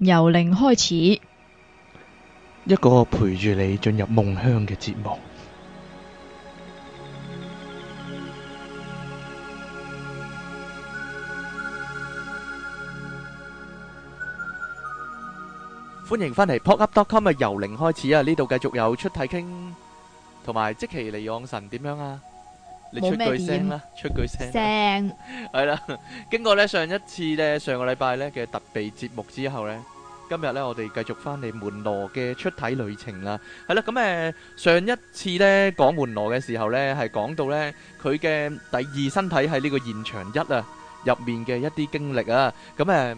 由零開始，一個陪住你進入夢鄉嘅節目。歡迎返嚟 pocket.com 嘅由零開始啊！呢度繼續有出體傾，同埋即期嚟往神點樣啊！你出句聲啦，出句聲。正，係啦，經過咧上一次咧上個禮拜咧嘅特別節目之後咧，今日咧我哋繼續返嚟門羅嘅出體旅程啦。係啦，咁誒上一次咧講門羅嘅時候咧，係講到咧佢嘅第二身體喺呢個現場一啊入面嘅一啲經歷啊，咁誒。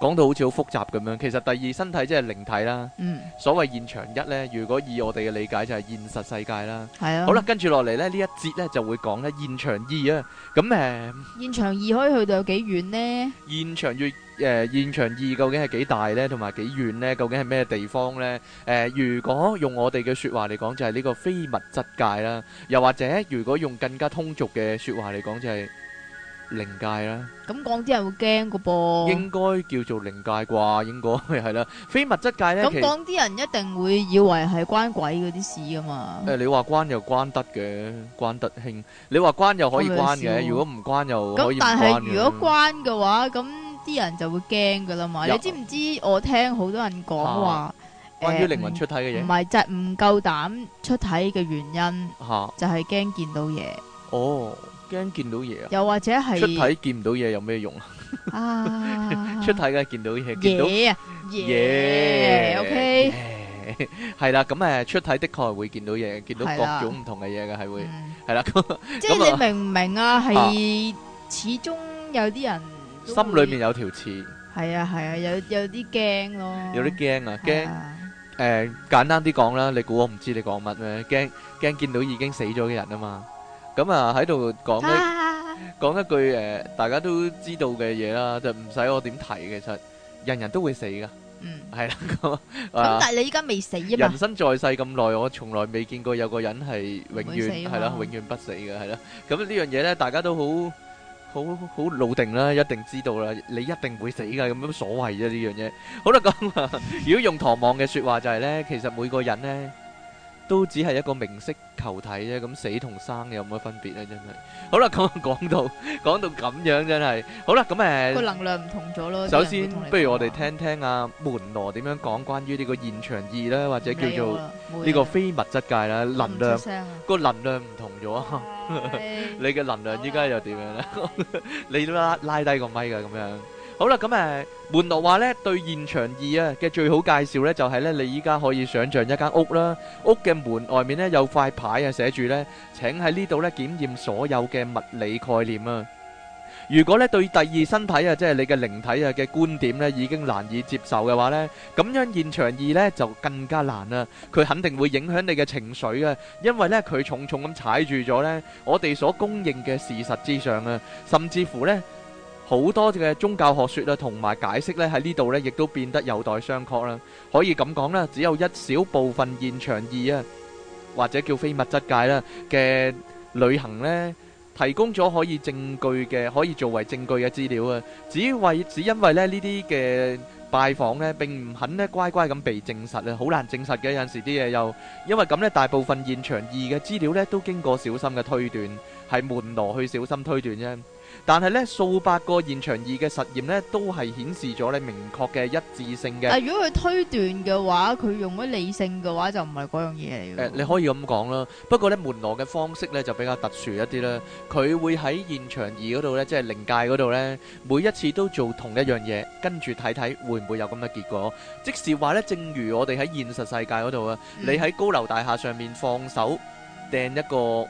講到好似好複雜咁樣，其實第二身體即係靈體啦。嗯，所謂現場一呢，如果以我哋嘅理解就係現實世界啦。係啊。好啦，跟住落嚟呢，呢一節呢就會講呢現場二啊。咁誒，現場二可以去到有幾遠呢？現場二誒，現場二究竟係幾大呢？同埋幾遠呢？究竟係咩地方呢？誒，如果用我哋嘅説話嚟講，就係呢個非物質界啦。又或者，如果用更加通俗嘅説話嚟講，就係。靈界啦，咁講啲人會驚噶噃，應該叫做靈界啩，應該係啦，非物質界咧。咁講啲人一定會以為係關鬼嗰啲事噶嘛。誒，你話關又關得嘅，關得興；你話關又可以關嘅，如果唔關又咁。但係如果關嘅話，咁啲人就會驚噶啦嘛。你知唔知？我聽好多人講話關於靈魂出體嘅嘢，唔係就係唔夠膽出體嘅原因，就係驚見到嘢。哦。驚見到嘢啊！又或者係出體見唔到嘢有咩用啊？出體嘅見到嘢，嘢啊，嘢，O K，係啦，咁誒出體的確係會見到嘢，見到各種唔同嘅嘢嘅係會，係啦，咁即係你明唔明啊？係始終有啲人心裏面有條刺，係啊係啊，有有啲驚咯，有啲驚啊，驚誒，簡單啲講啦，你估我唔知你講乜咩？驚驚見到已經死咗嘅人啊嘛。咁啊喺度講一講、啊、一句誒、呃，大家都知道嘅嘢啦，就唔使我點提，其實人人都會死噶，係啦咁。咁、 啊、但係你依家未死啊嘛？人生在世咁耐，我從來未見過有個人係永遠係啦，永遠不死嘅係啦。咁、嗯、呢樣嘢咧，大家都好好好老定啦，一定知道啦，你一定會死噶，咁乜所謂啫呢樣嘢？好啦，咁如果用唐望嘅說話就係咧，其實每個人咧。都只係一個明色球體啫，咁死同生有乜分別咧？真係。好啦，講講到講到咁樣，真係。好啦，咁誒。個、呃、能量唔同咗咯。首先，不如我哋聽聽阿、啊、門羅點樣講關於呢個現場二咧，或者叫做呢個非物質界啦，能量個能量唔同咗。哎、 你嘅能量依家又點樣咧？哎、 你都拉拉低個咪㗎咁樣。好啦，咁誒，門羅話呢對現場二啊，嘅最好介紹呢，就係呢：你依家可以想象一間屋啦，屋嘅門外面呢有塊牌啊，寫住呢：「請喺呢度呢檢驗所有嘅物理概念啊。如果呢對第二身體啊，即係你嘅靈體啊嘅觀點呢已經難以接受嘅話呢，咁樣現場二呢就更加難啦。佢肯定會影響你嘅情緒啊，因為呢，佢重重咁踩住咗呢我哋所公認嘅事實之上啊，甚至乎呢。好多嘅宗教學説啊，同埋解釋咧喺呢度咧，亦都變得有待商榷啦。可以咁講咧，只有一小部分現場二啊，或者叫非物質界啦嘅旅行咧，提供咗可以證據嘅，可以作為證據嘅資料啊。只為，只因為咧呢啲嘅拜訪咧並唔肯咧乖乖咁被證實啊，好難證實嘅，有陣時啲嘢又因為咁咧，大部分現場二嘅資料咧都經過小心嘅推斷，係門羅去小心推斷啫。但係咧，數百個現場二嘅實驗咧，都係顯示咗你明確嘅一致性嘅。如果佢推斷嘅話，佢用咗理性嘅話，就唔係嗰樣嘢嚟嘅。誒，你可以咁講啦。不過咧，門羅嘅方式咧就比較特殊一啲啦。佢會喺現場二嗰度咧，即係靈界嗰度咧，每一次都做同一樣嘢，跟住睇睇會唔會有咁嘅結果。即是話咧，正如我哋喺現實世界嗰度啊，嗯、你喺高樓大廈上面放手掟一個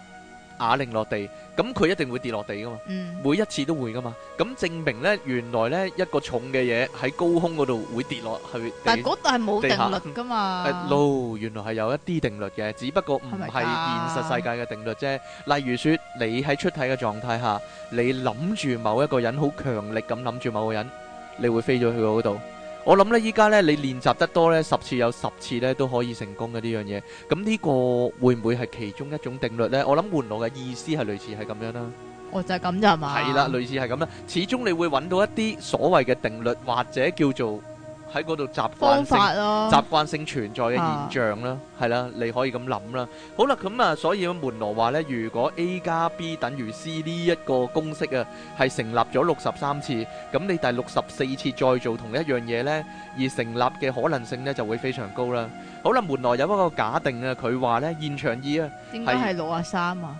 啞鈴落地。咁佢一定會跌落地噶嘛，嗯、每一次都會噶嘛。咁證明呢，原來呢一個重嘅嘢喺高空嗰度會跌落去。但係嗰，但係冇定律噶嘛。誒、No、原來係有一啲定律嘅，只不過唔係現實世界嘅定律啫。Oh、例如說，你喺出體嘅狀態下，你諗住某一個人，好強力咁諗住某個人，你會飛咗去到嗰度。我諗咧，依家咧你練習得多咧，十次有十次咧都可以成功嘅呢樣嘢。咁呢個會唔會係其中一種定律呢？我諗換我嘅意思係類似係咁樣啦。哦，就係咁啫係嘛。係啦，類似係咁啦。始終你會搵到一啲所謂嘅定律，或者叫做。喺嗰度習慣性、習慣、啊、性存在嘅現象啦，係啦、啊，你可以咁諗啦。好啦，咁啊，所以門羅話呢，如果 A 加 B 等於 C 呢一個公式啊，係成立咗六十三次，咁你第六十四次再做同一樣嘢呢，而成立嘅可能性呢，就會非常高啦。好啦，門羅有一個假定啊，佢話呢，現場二啊，應該係六啊三啊。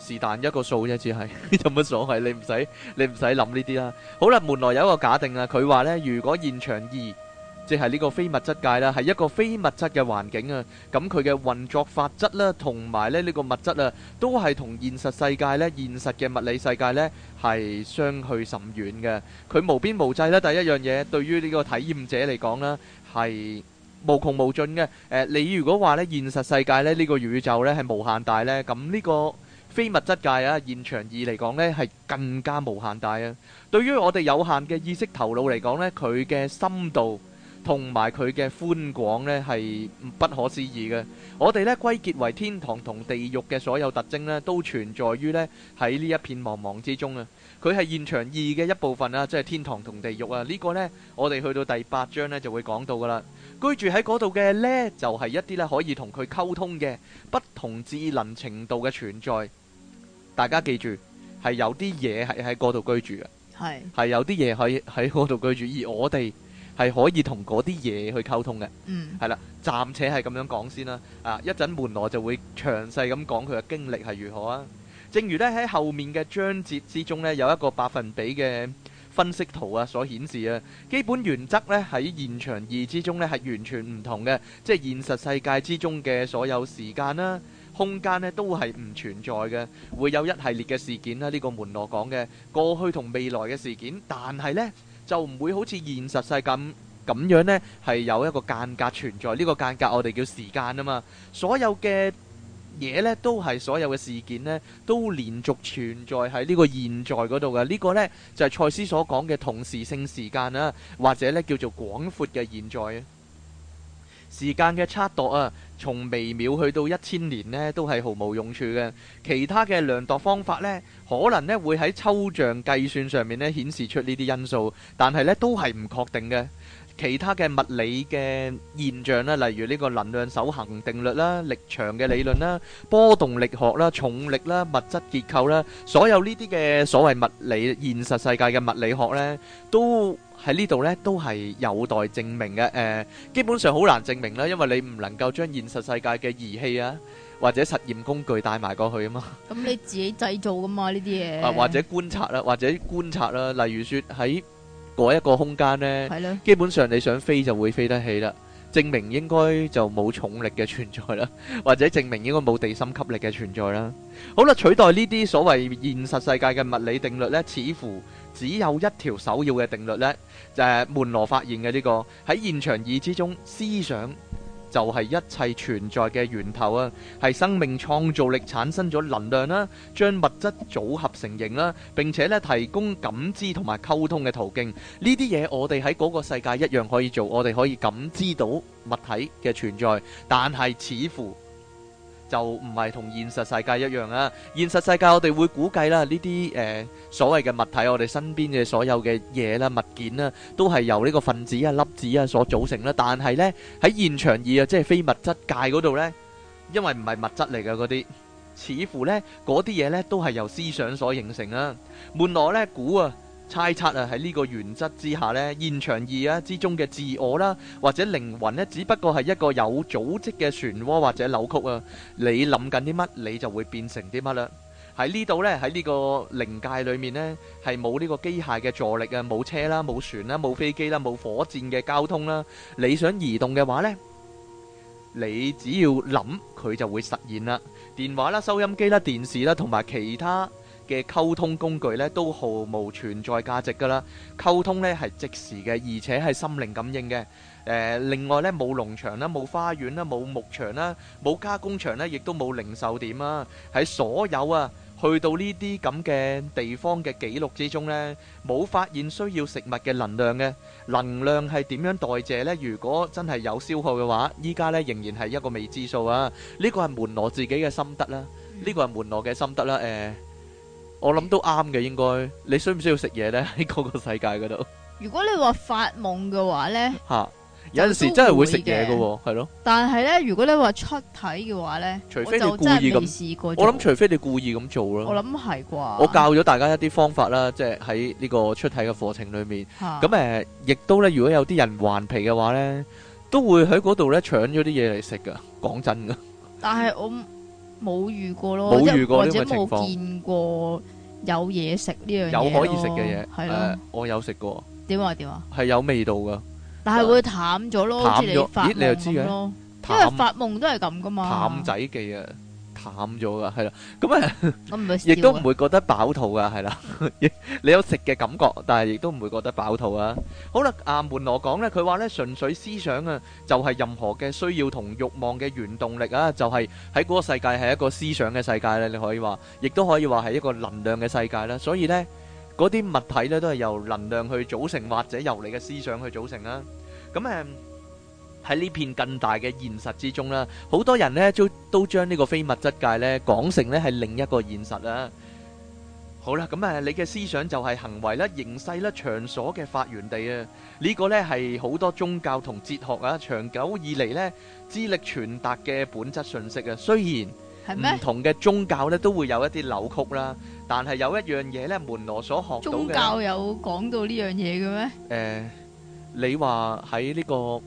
是但一個數啫，只係有乜所謂？你唔使你唔使諗呢啲啦。好啦，門羅有一個假定啊，佢話咧，如果現場二，即係呢個非物質界啦，係一個非物質嘅環境啊，咁佢嘅運作法則咧，同埋咧呢個物質啊，都係同現實世界咧、現實嘅物理世界咧係相去甚遠嘅。佢無邊無際咧，第一樣嘢對於呢個體驗者嚟講咧係無窮無盡嘅。誒，你如果話咧現實世界咧呢個宇宙咧係無限大咧，咁呢個，非物質界啊，現場二嚟講呢係更加無限大啊！對於我哋有限嘅意識頭腦嚟講呢，佢嘅深度同埋佢嘅寬廣呢係不可思議嘅。我哋呢歸結為天堂同地獄嘅所有特徵呢，都存在於呢喺呢一片茫茫之中啊！佢係現場二嘅一部分啊，即係天堂同地獄啊！呢個呢，我哋去到第八章呢就會講到噶啦。居住喺嗰度嘅呢，就係一啲呢可以同佢溝通嘅不同智能程度嘅存在。大家記住，係有啲嘢係喺嗰度居住嘅，係係是有啲嘢喺喺嗰度居住，而我哋係可以同嗰啲嘢去溝通嘅，嗯，係啦，暫且係咁樣講先啦，啊，一陣門羅就會詳細咁講佢嘅經歷係如何啊。正如呢，喺後面嘅章節之中呢，有一個百分比嘅分析圖啊，所顯示啊，基本原則呢，喺現場二之中呢，係完全唔同嘅，即係現實世界之中嘅所有時間啦、啊。空間咧都係唔存在嘅，會有一系列嘅事件啦。呢個門羅講嘅過去同未來嘅事件，但係呢就唔會好似現實世界咁樣呢係有一個間隔存在。呢個間隔，我哋叫時間啊嘛。所有嘅嘢呢都係所有嘅事件呢，都連續存在喺呢個現在嗰度嘅。呢個呢就係賽斯所講嘅同時性時間啦、啊，或者呢叫做廣闊嘅現在啊。時間嘅測度啊，從微秒去到一千年咧，都係毫無用處嘅。其他嘅量度方法咧，可能咧會喺抽象計算上面咧顯示出呢啲因素，但係咧都係唔確定嘅。其他嘅物理嘅現象咧，例如呢個能量守恆定律啦、力場嘅理論啦、波動力學啦、重力啦、物質結構啦，所有呢啲嘅所謂物理現實世界嘅物理學咧，都喺呢度咧都係有待證明嘅。誒，基本上好難證明啦，因為你唔能夠將現實世界嘅儀器啊或者實驗工具帶埋過去啊嘛。咁你自己製造㗎嘛呢啲嘢？啊，或者觀察啦，或者觀察啦，例如說喺，嗰一個空間咧，基本上你想飛就會飛得起啦，證明應該就冇重力嘅存在啦，或者證明應該冇地心吸力嘅存在啦。好啦，取代呢啲所謂現實世界嘅物理定律咧，似乎只有一條首要嘅定律咧，就係門羅發現嘅呢個喺現場二之中思想。就係一切存在嘅源頭啊！係生命創造力產生咗能量啦，將物質組合成型啦，並且咧提供感知同埋溝通嘅途徑。呢啲嘢我哋喺嗰個世界一樣可以做，我哋可以感知到物體嘅存在，但係似乎。就唔係同現實世界一樣啊。現實世界我哋會估計啦，呢啲誒所謂嘅物體，我哋身邊嘅所有嘅嘢啦、物件啦，都係由呢個分子啊、粒子啊所組成啦。但係咧喺現場二啊，即係非物質界嗰度咧，因為唔係物質嚟嘅嗰啲，似乎咧嗰啲嘢咧都係由思想所形成啊。門羅咧估啊～猜測啊，喺呢個原則之下咧，現場二啊之中嘅自我啦，或者靈魂咧，只不過係一個有組織嘅漩渦或者扭曲啊。你諗緊啲乜，你就會變成啲乜啦。喺呢度咧，喺呢個靈界裏面咧，係冇呢個機械嘅助力啊，冇車啦，冇船啦，冇飛機啦，冇火箭嘅交通啦。你想移動嘅話呢，你只要諗，佢就會實現啦。電話啦、收音機啦、電視啦，同埋其他。嘅溝通工具咧，都毫無存在價值噶啦。溝通咧係即時嘅，而且係心靈感應嘅。誒，另外咧冇農場啦，冇花園啦，冇牧場啦，冇加工場咧，亦都冇零售點啊。喺所有啊去到呢啲咁嘅地方嘅記錄之中咧，冇發現需要食物嘅能量，嘅能量係點樣代謝咧？如果真係有消耗嘅話，依家咧仍然係一個未知數啊。呢個係門羅自己嘅心得啦，呢個係門羅嘅心得啦，誒。我諗都啱嘅，應該你需唔需要食嘢咧？喺嗰個世界嗰度，如果你話發夢嘅話咧，吓有陣時真係會食嘢嘅，係咯。但係咧，如果你話出體嘅話咧，除非你故意咁試過，我諗除非你故意咁做咯。我諗係啩。我教咗大家一啲方法啦，即係喺呢個出體嘅課程裏面。咁誒，亦都咧，如果有啲人頑皮嘅話咧，都會喺嗰度咧搶咗啲嘢嚟食噶。講真噶，但係我。冇遇過咯，冇遇過，或者冇見過有嘢食呢樣嘢。有可以食嘅嘢，係咯、呃，呃、我有食過。點啊，點啊，係有味道噶，但係會淡咗咯。淡咗了，你發咦？你又知嘅，因為發夢都係咁噶嘛。淡仔記啊！淡咗噶，係啦，咁啊，亦都唔會覺得飽肚噶，係啦，你有食嘅感覺，但係亦都唔會覺得飽肚啊。好啦，阿門羅講呢，佢話呢，純粹思想啊，就係任何嘅需要同欲望嘅原動力啊，就係喺嗰個世界係一個思想嘅世界咧。你可以話，亦都可以話係一個能量嘅世界啦。所以呢，嗰啲物體呢都係由能量去組成，或者由你嘅思想去組成啦。咁誒。喺呢片更大嘅現實之中啦，好多人咧都都將呢個非物質界咧講成咧係另一個現實啦。好啦，咁啊，你嘅思想就係行為啦、形勢啦、場所嘅發源地啊。呢個咧係好多宗教同哲學啊，長久以嚟咧致力傳達嘅本質信息啊。雖然唔同嘅宗教咧都會有一啲扭曲啦，但係有一樣嘢咧，門羅所學宗教有講到呢樣嘢嘅咩？誒，你話喺呢個。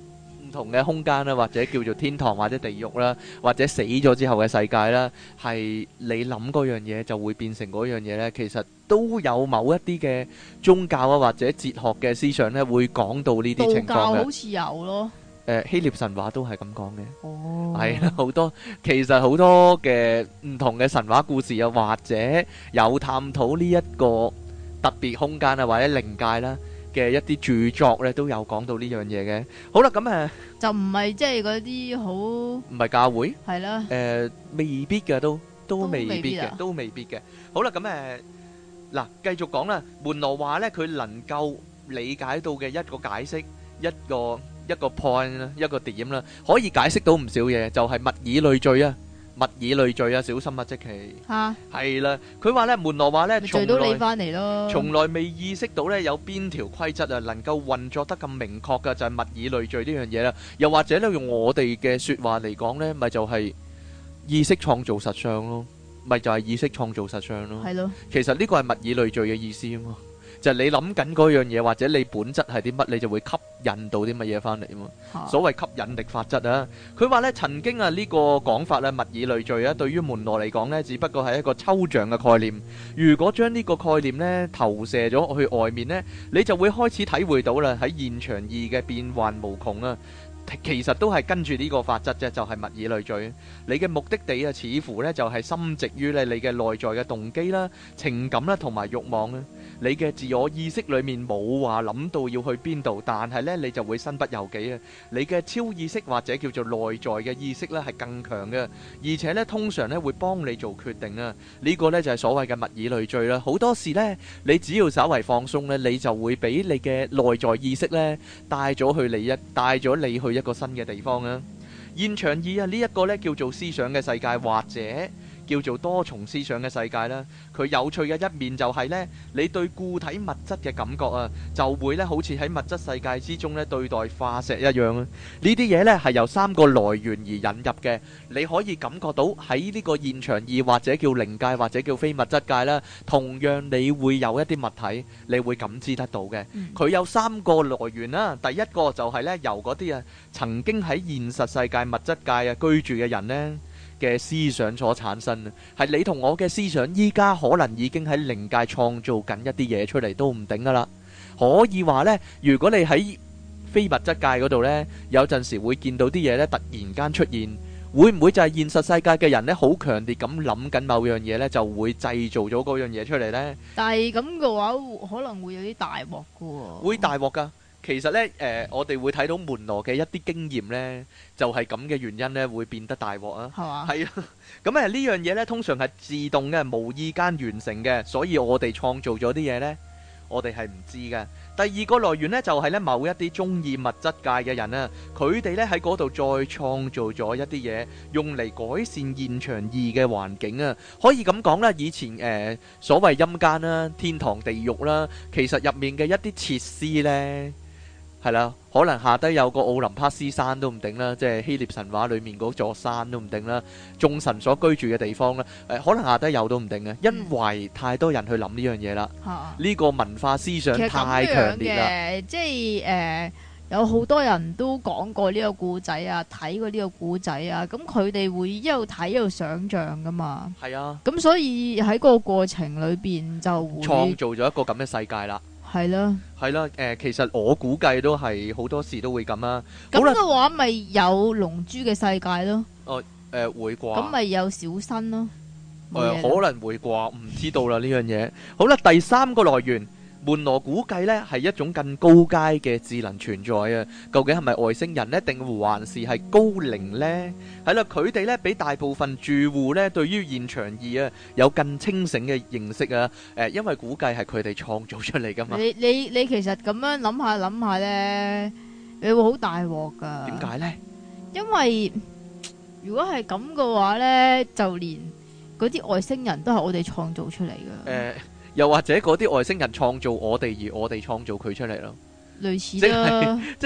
唔同嘅空間啦，或者叫做天堂或者地獄啦，或者死咗之後嘅世界啦，係你諗嗰樣嘢就會變成嗰樣嘢咧。其實都有某一啲嘅宗教啊或者哲學嘅思想咧，會講到呢啲情況嘅。道教好似有咯。誒，希臘神話都係咁講嘅。哦，係啦，好多其實好多嘅唔同嘅神話故事又或者有探討呢一個特別空間啊或者靈界啦。嘅一啲著作咧都有講到呢樣嘢嘅。好啦咁誒，就唔係即係嗰啲好唔係教會，係啦，誒未必嘅都都未必嘅，都未必嘅，好啦咁誒嗱，繼續講啦，門羅話咧佢能夠理解到嘅一個解釋，一個一個 point 一個點啦，可以解釋到唔少嘢，就係物以類聚啊。物以類聚啊！小心啊，即奇。嚇哈，係啦。佢話咧，門羅話咧，聚到你翻嚟咯，從來未意識到咧有邊條規則啊，能夠運作得咁明確嘅就係物以類聚呢樣嘢啦。又或者咧，用我哋嘅説話嚟講咧，咪就係意識創造實相咯，咪就係意識創造實相咯。係咯的，其實呢個係物以類聚嘅意思啊嘛。就你諗緊嗰樣嘢，或者你本質係啲乜，你就會吸引到啲乜嘢翻嚟啊嘛！所謂吸引力法則啊，佢話咧，曾經啊呢個講法咧，物以類聚啊，對於門羅嚟講咧，只不過係一個抽象嘅概念。如果將呢個概念咧投射咗去外面咧，你就會開始體會到啦，喺現場二嘅變幻無窮啊！其實都係跟住呢個法則啫，就係物以類聚。你嘅目的地啊，似乎咧就係深植於你你嘅內在嘅動機啦、情感啦同埋慾望啊。你嘅自我意識裏面冇話諗到要去邊度，但係咧你就會身不由己啊。你嘅超意識或者叫做內在嘅意識咧係更強嘅，而且咧通常咧會幫你做決定啊。呢個咧就係所謂嘅物以類聚啦。好多時咧，你只要稍為放鬆咧，你就會俾你嘅內在意識咧帶咗去你一帶咗你去。一個新嘅地方啊！現場二啊，這個、呢一個咧叫做思想嘅世界，或者，叫做多重思想嘅世界啦，佢有趣嘅一面就係、是、咧，你對固體物質嘅感覺啊，就會咧好似喺物質世界之中咧對待化石一樣啊，呢啲嘢咧係由三個來源而引入嘅，你可以感覺到喺呢個現場二或者叫靈界或者叫非物質界啦，同樣你會有一啲物體你會感知得到嘅。佢、嗯、有三個來源啦，第一個就係咧由嗰啲啊曾經喺現實世界物質界啊居住嘅人咧。嘅思想所產生，係你同我嘅思想，依家可能已經喺靈界創造緊一啲嘢出嚟都唔定噶啦。可以話呢，如果你喺非物質界嗰度呢，有陣時會見到啲嘢呢，突然間出現，會唔會就係現實世界嘅人呢，好強烈咁諗緊某樣嘢呢，就會製造咗嗰樣嘢出嚟呢？但係咁嘅話，可能會有啲大鑊噶喎，會大鑊噶。其實呢，誒、呃，我哋會睇到門羅嘅一啲經驗呢，就係咁嘅原因呢，會變得大鑊啊。係啊，咁啊，呢樣嘢呢，通常係自動嘅、無意間完成嘅，所以我哋創造咗啲嘢呢，我哋係唔知嘅。第二個來源呢，就係、是、呢某一啲中意物質界嘅人啊，佢哋呢喺嗰度再創造咗一啲嘢，用嚟改善現場二嘅環境啊。可以咁講啦，以前誒、呃、所謂陰間啦、天堂、地獄啦，其實入面嘅一啲設施呢。係啦，可能下低有個奧林匹斯山都唔定啦，即係希臘神話裏面嗰座山都唔定啦，眾神所居住嘅地方啦，誒，可能下低有都唔定嘅，因為太多人去諗呢樣嘢啦，呢、嗯、個文化思想太強烈啦，即係誒、呃，有好多人都講過呢個故仔啊，睇過呢個故仔啊，咁佢哋會一路睇一路想象噶嘛，係啊的，咁所以喺個過程裏邊就會創造咗一個咁嘅世界啦。係咯，係咯，誒、呃，其實我估計都係好多時都會咁、啊、啦。咁嘅話咪有龍珠嘅世界咯。哦、呃，誒、呃，會啩？咁咪有小新咯？誒，可能會啩？唔知道啦呢 樣嘢。好啦，第三個來源。門羅估計咧係一種更高階嘅智能存在啊！究竟係咪外星人咧，定還是係高齡咧？係啦，佢哋咧比大部分住戶咧對於現場二啊有更清醒嘅認識啊！誒，因為估計係佢哋創造出嚟噶嘛。你你你其實咁樣諗下諗下咧，你會好大鑊噶。點解咧？因為如果係咁嘅話咧，就連嗰啲外星人都係我哋創造出嚟噶。誒又或者嗰啲外星人創造我哋，而我哋創造佢出嚟咯，類似即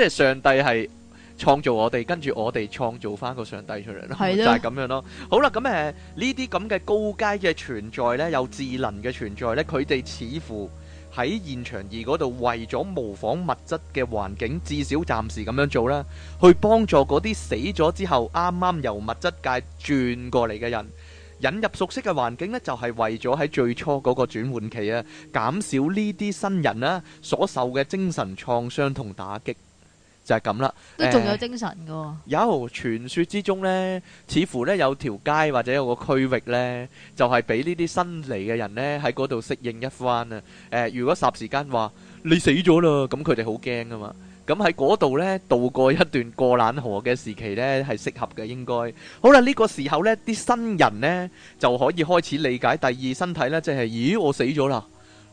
係上帝係創造我哋，跟住我哋創造翻個上帝出嚟咯，係咯，就係咁樣咯。好啦，咁誒呢啲咁嘅高階嘅存在呢，有智能嘅存在呢，佢哋似乎喺現場而嗰度為咗模仿物質嘅環境，至少暫時咁樣做啦，去幫助嗰啲死咗之後啱啱由物質界轉過嚟嘅人。引入熟悉嘅環境呢就係、是、為咗喺最初嗰個轉換期啊，減少呢啲新人啦、啊、所受嘅精神創傷同打擊，就係咁啦。都仲有精神噶、哦呃。有傳說之中呢似乎咧有條街或者有個區域呢就係、是、俾呢啲新嚟嘅人咧喺嗰度適應一番啊。誒、呃，如果霎時間話你死咗啦，咁佢哋好驚噶嘛。嗯。咁喺嗰度呢，渡過一段過冷河嘅時期呢，係適合嘅。應該好啦，呢、這個時候呢，啲新人呢，就可以開始理解第二身體呢即係、就是、咦，我死咗啦，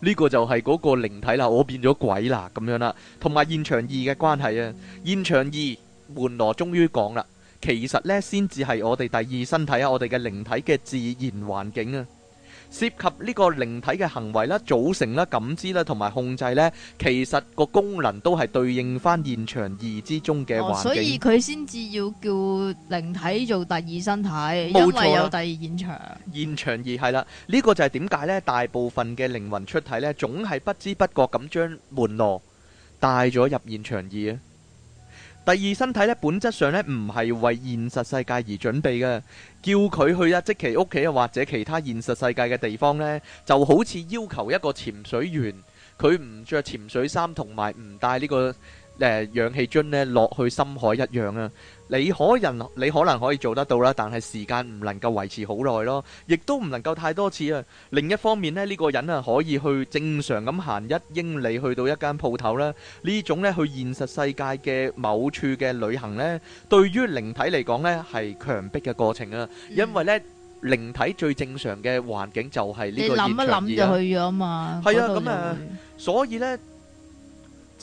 呢、這個就係嗰個靈體啦，我變咗鬼啦咁樣啦，同埋現場二嘅關係啊，現場二門羅終於講啦，其實呢，先至係我哋第二身體啊，我哋嘅靈體嘅自然環境啊。涉及呢個靈體嘅行為啦、組成啦、感知啦同埋控制呢，其實個功能都係對應翻現場二之中嘅環境，哦、所以佢先至要叫靈體做第二身體，因為有第二現場。現場二係啦，呢、呢個就係點解呢？大部分嘅靈魂出體呢，總係不知不覺咁將門羅帶咗入現場二啊！第二身體咧，本質上咧唔係為現實世界而準備嘅，叫佢去啊，即其屋企啊，或者其他現實世界嘅地方咧，就好似要求一個潛水員，佢唔着潛水衫同埋唔帶呢個，誒，氧氣樽咧落去深海一樣啊！你可人，你可能可以做得到啦，但係時間唔能夠維持好耐咯，亦都唔能夠太多次啊。另一方面咧，呢個人啊可以去正常咁行一英里去到一間鋪頭啦。呢種咧去現實世界嘅某處嘅旅行咧，對於靈體嚟講咧係強迫嘅過程啊，因為咧靈體最正常嘅環境就係呢個。你諗一諗就去咗啊嘛。係啊，咁啊，所以咧。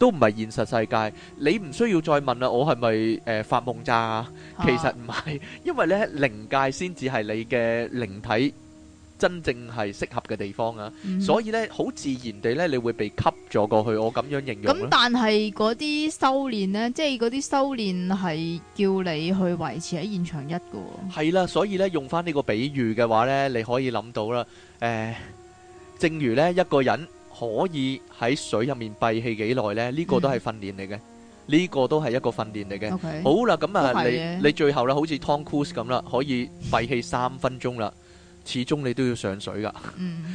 都唔係現實世界，你唔需要再問啦，我係咪誒發夢咋？其實唔係，因為咧靈界先至係你嘅靈體真正係適合嘅地方啊，所以咧好自然地咧，你會被吸咗過去。我咁樣形容。咁但係嗰啲修練咧，即係嗰啲修練係叫你去維持喺現場一個。係啦，所以咧用翻呢個比喻嘅話咧，你可以諗到啦。誒，正如咧一個人。可以喺水入面閉氣幾耐呢？呢、這個都係訓練嚟嘅，呢、嗯、個都係一個訓練嚟嘅。Okay, 好啦，咁、嗯嗯、啊，你你最後咧，好似湯庫斯咁啦，可以閉氣三分鐘啦。始終你都要上水噶，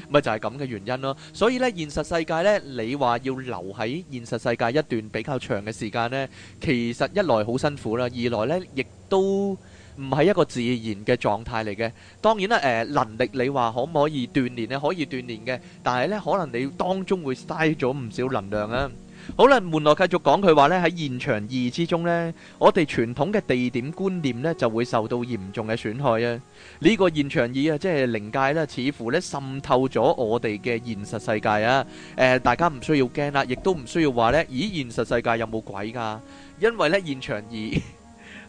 咪 就係咁嘅原因咯。所以呢，現實世界呢，你話要留喺現實世界一段比較長嘅時間呢，其實一來好辛苦啦，二來呢亦都。唔係一個自然嘅狀態嚟嘅。當然啦，誒能力你話可唔可以鍛鍊咧？可以鍛鍊嘅，但係咧可能你當中會嘥咗唔少能量啊。好啦，門羅繼續講佢話咧喺現場二之中咧，我哋傳統嘅地點觀念咧就會受到嚴重嘅損害啊。呢個現場二啊，即係靈界咧，似乎咧滲透咗我哋嘅現實世界啊。誒，大家唔需要驚啦，亦都唔需要話咧，咦現實世界有冇鬼㗎？因為咧現場二。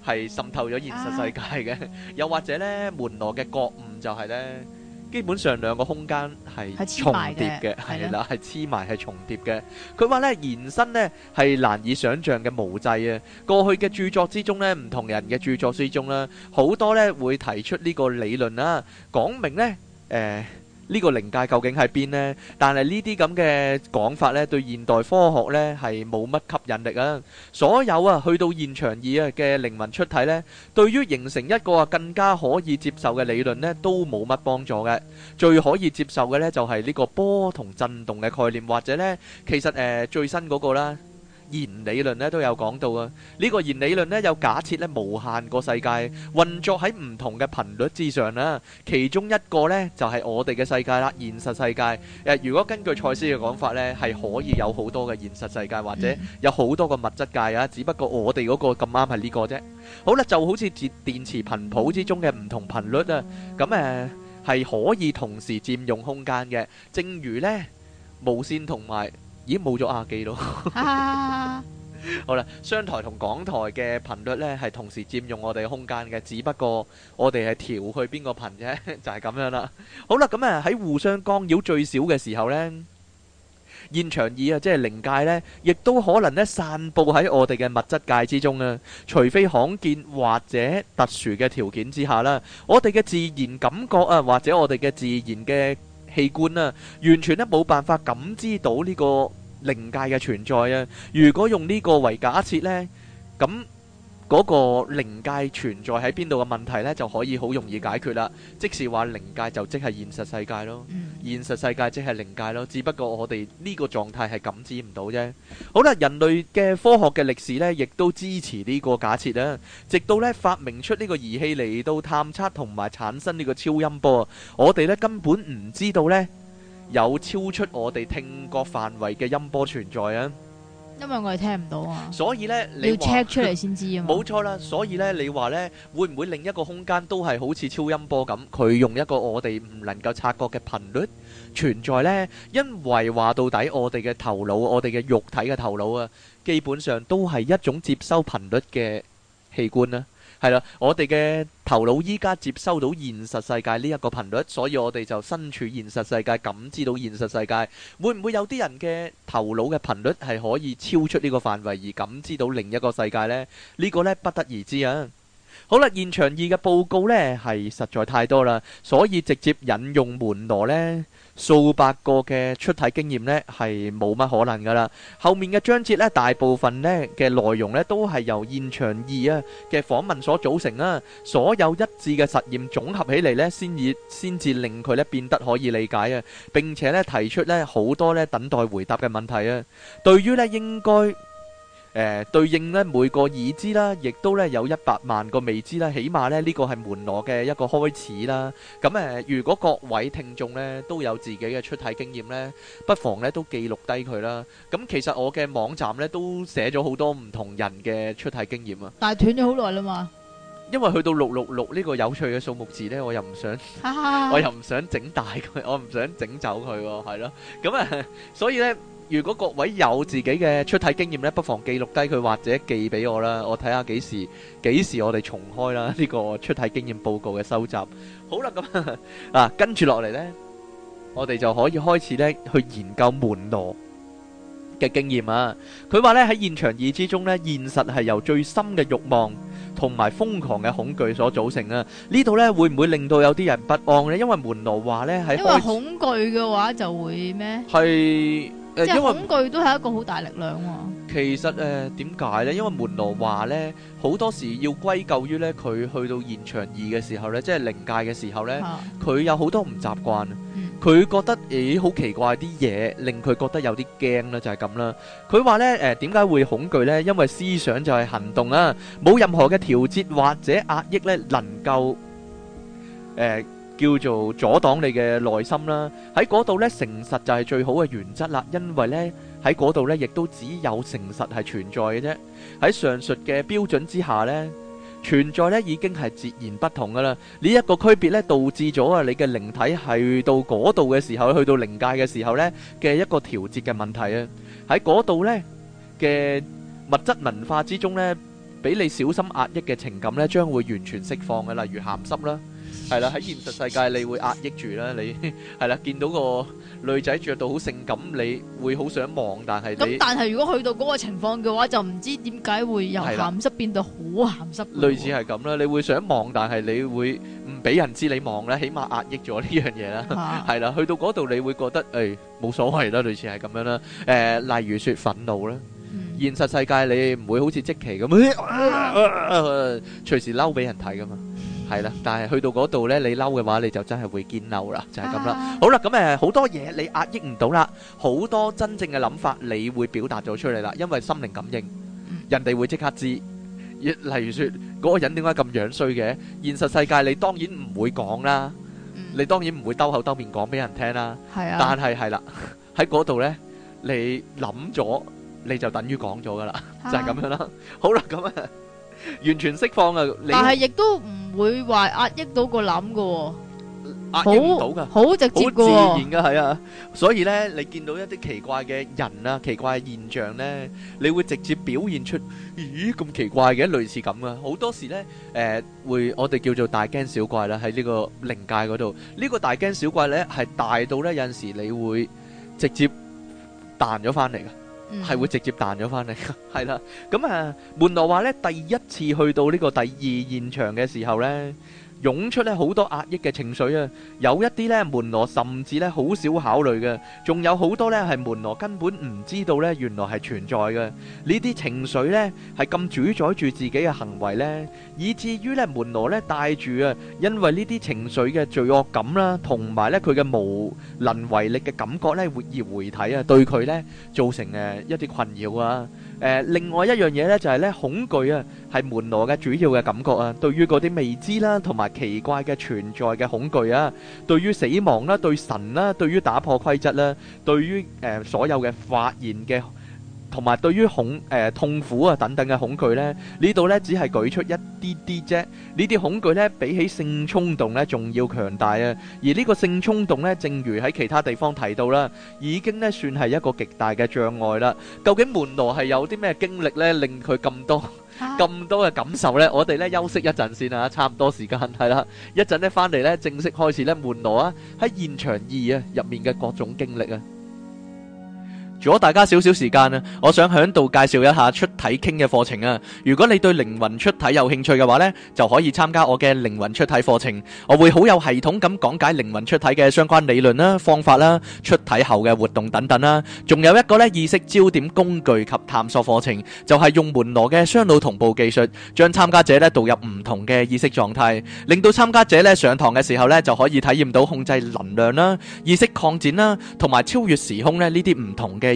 係滲透咗現實世界嘅，又或者咧門羅嘅覺悟就係咧，基本上兩個空間係重疊嘅，係啦，係黐埋係重疊嘅。佢話咧延伸咧係難以想像嘅模製啊！過去嘅著作之中咧，唔同人嘅著作之中啦，好多咧會提出呢個理論啦，講明咧誒。呢個靈界究竟喺邊咧？但係呢啲咁嘅講法咧，對現代科學咧係冇乜吸引力啊！所有啊，去到現場二啊嘅靈魂出體咧，對於形成一個更加可以接受嘅理論咧，都冇乜幫助嘅。最可以接受嘅咧，就係呢個波同震動嘅概念，或者咧，其實誒最新嗰個啦。弦理論咧都有講到啊，這個、言呢個弦理論咧有假設咧無限個世界運作喺唔同嘅頻率之上啦，其中一個咧就係、是、我哋嘅世界啦，現實世界。誒、呃，如果根據賽斯嘅講法咧，係可以有好多嘅現實世界或者有好多個物質界啊，只不過我哋嗰個咁啱係呢個啫。好啦，就好似電電磁頻譜之中嘅唔同頻率啊，咁誒係可以同時佔用空間嘅，正如呢，無線同埋。已經冇咗亞記咯。好啦，商台同港台嘅頻率咧，係同時佔用我哋空間嘅。只不過我哋係調去邊個頻啫，就係咁樣啦。好啦，咁啊喺互相干擾最少嘅時候咧，現場二啊，即係靈界咧，亦都可能咧散佈喺我哋嘅物質界之中啊。除非罕見或者特殊嘅條件之下啦，我哋嘅自然感覺啊，或者我哋嘅自然嘅。器官啊，完全都冇辦法感知到呢個靈界嘅存在啊！如果用呢個為假設咧，咁。嗰個靈界存在喺邊度嘅問題呢，就可以好容易解決啦。即是話靈界就即係現實世界咯，嗯、現實世界即係靈界咯。只不過我哋呢個狀態係感知唔到啫。好啦，人類嘅科學嘅歷史呢，亦都支持呢個假設啊。直到呢，發明出呢個儀器嚟到探測同埋產生呢個超音波，我哋呢，根本唔知道呢，有超出我哋聽覺範圍嘅音波存在啊！因為我哋聽唔到啊，所以呢，你要 check 出嚟先知啊。嗯，冇錯啦，所以呢，你話呢，會唔會另一個空間都係好似超音波咁，佢用一個我哋唔能夠察覺嘅頻率存在呢？因為話到底我哋嘅頭腦，我哋嘅肉體嘅頭腦啊，基本上都係一種接收頻率嘅器官啊。係啦，我哋嘅頭腦依家接收到現實世界呢一個頻率，所以我哋就身處現實世界，感知到現實世界。會唔會有啲人嘅頭腦嘅頻率係可以超出呢個範圍而感知到另一個世界呢？呢個呢不得而知啊。好啦，現場二嘅報告呢係實在太多啦，所以直接引用門羅呢，數百個嘅出體經驗呢係冇乜可能㗎喇，後面嘅章節呢大部分呢嘅內容呢都係由現場二啊嘅訪問所組成啊，所有一致嘅實驗綜合起嚟呢先至先至令佢呢變得可以理解啊，並且呢提出呢好多呢等待回答嘅問題啊，對於呢應該。誒、呃、對應咧每個已知啦，亦都咧有一百萬個未知啦，起碼咧呢、呢個係門羅嘅一個開始啦。咁、嗯、誒，如果各位聽眾咧都有自己嘅出體經驗咧，不妨咧都記錄低佢啦。咁、嗯、其實我嘅網站咧都寫咗好多唔同人嘅出體經驗啊。但係斷咗好耐啦嘛。因為去到六六六呢個有趣嘅數目字咧，我又唔想， 我又唔想整大佢，我唔想整走佢喎、啊，係咯。咁、嗯、誒、嗯嗯，所以咧。如果各位有自己嘅出體經驗咧，不妨記錄低佢或者寄俾我啦，我睇下幾時幾時我哋重開啦呢個出體經驗報告嘅收集。好啦，咁嗱，跟住落嚟咧，我哋就可以開始咧去研究門羅嘅經驗啊。佢話咧喺現場二之中咧，現實係由最深嘅欲望同埋瘋狂嘅恐懼所組成啊。呢度咧會唔會令到有啲人不安咧？因為門羅話咧係因為恐懼嘅話就會咩？係。即係恐懼都係一個好大力量。其實誒，點解呢？因為門羅話呢，好多時要歸咎於呢，佢去到現場二嘅時候呢，即係靈界嘅時候呢，佢有好多唔習慣，佢覺得誒好奇怪啲嘢，令佢覺得有啲驚啦，就係咁啦。佢話呢，誒，點解會恐懼呢？因為思想就係行動啦，冇任何嘅調節或者壓抑呢，能夠誒。叫做阻擋你嘅內心啦，喺嗰度呢，誠實就係最好嘅原則啦，因為呢，喺嗰度呢亦都只有誠實係存在嘅啫。喺上述嘅標準之下呢，存在呢已經係截然不同噶啦。呢一個區別呢，導致咗啊你嘅靈體去到嗰度嘅時候，去到靈界嘅時候呢嘅一個調節嘅問題啊。喺嗰度呢嘅物質文化之中呢，俾你小心壓抑嘅情感呢，將會完全釋放嘅，例如鹹濕啦。係啦，喺現實世界你會壓抑住啦，你係啦，見到個女仔着到好性感，你會好想望，但係你咁，但係如果去到嗰個情況嘅話，就唔知點解會由鹹濕變到好鹹濕。類似係咁啦，你會想望，但係你會唔俾人知你望咧，起碼壓抑咗呢樣嘢啦。係啦，去到嗰度你會覺得誒冇所謂啦，類似係咁樣啦。誒，例如說憤怒啦，現實世界你唔會好似積奇咁，隨時嬲俾人睇㗎嘛。係啦，但係去到嗰度咧，你嬲嘅話，你就真係會堅嬲啦，就係咁啦。好啦，咁誒好多嘢你壓抑唔到啦，好多真正嘅諗法你會表達咗出嚟啦，因為心靈感應，人哋會即刻知。亦例如說嗰個人點解咁樣衰嘅，現實世界你當然唔會講啦，你當然唔會兜口兜面講俾人聽啦。係啊，但係係啦，喺嗰度咧，你諗咗你就等於講咗噶啦，就係咁樣啦。好啦，咁啊。完全釋放啊！但係亦都唔會話壓抑到個諗噶，壓抑唔到噶，好直接噶，好自然噶，係啊！所以咧，你見到一啲奇怪嘅人啊，奇怪嘅現象咧，你會直接表現出咦咁奇怪嘅，類似咁啊！好多時咧，誒會我哋叫做大驚小怪啦，喺呢個靈界嗰度，呢個大驚小怪咧係大到咧，有陣時你會直接彈咗翻嚟噶。係、嗯、會直接彈咗翻嚟，係 啦。咁啊，門、呃、羅話咧，第一次去到呢個第二現場嘅時候咧，湧出咧好多壓抑嘅情緒啊，有一啲咧門羅甚至咧好少考慮嘅，仲有好多咧係門羅根本唔知道咧原來係存在嘅呢啲情緒咧係咁主宰住自己嘅行為咧，以至於咧門羅咧帶住啊，因為呢啲情緒嘅罪惡感啦，同埋咧佢嘅無能為力嘅感覺咧，活而回體啊，對佢咧造成誒一啲困擾啊。誒，另外一樣嘢咧就係咧恐懼啊，係門羅嘅主要嘅感覺啊，對於嗰啲未知啦，同埋奇怪嘅存在嘅恐懼啊，對於死亡啦，對神啦，對於打破規則啦，對於誒、呃、所有嘅發現嘅。同埋對於恐誒痛苦啊等等嘅恐懼呢，呢度呢只係舉出一啲啲啫。呢啲恐懼呢，比起性衝動呢，仲要強大啊。而呢個性衝動呢，正如喺其他地方提到啦，已經呢算係一個極大嘅障礙啦。究竟門羅係有啲咩經歷呢，令佢咁多咁多嘅感受呢？我哋呢休息一陣先啊，差唔多時間係啦。一陣呢返嚟呢，正式開始呢門羅啊喺現場二啊入面嘅各種經歷啊。如果大家少少時間咧，我想喺度介紹一下出體傾嘅課程啊。如果你對靈魂出體有興趣嘅話咧，就可以參加我嘅靈魂出體課程。我會好有系統咁講解靈魂出體嘅相關理論啦、方法啦、出體後嘅活動等等啦。仲有一個咧意識焦點工具及探索課程，就係用門羅嘅雙腦同步技術，將參加者咧導入唔同嘅意識狀態，令到參加者咧上堂嘅時候咧，就可以體驗到控制能量啦、意識擴展啦，同埋超越時空咧呢啲唔同嘅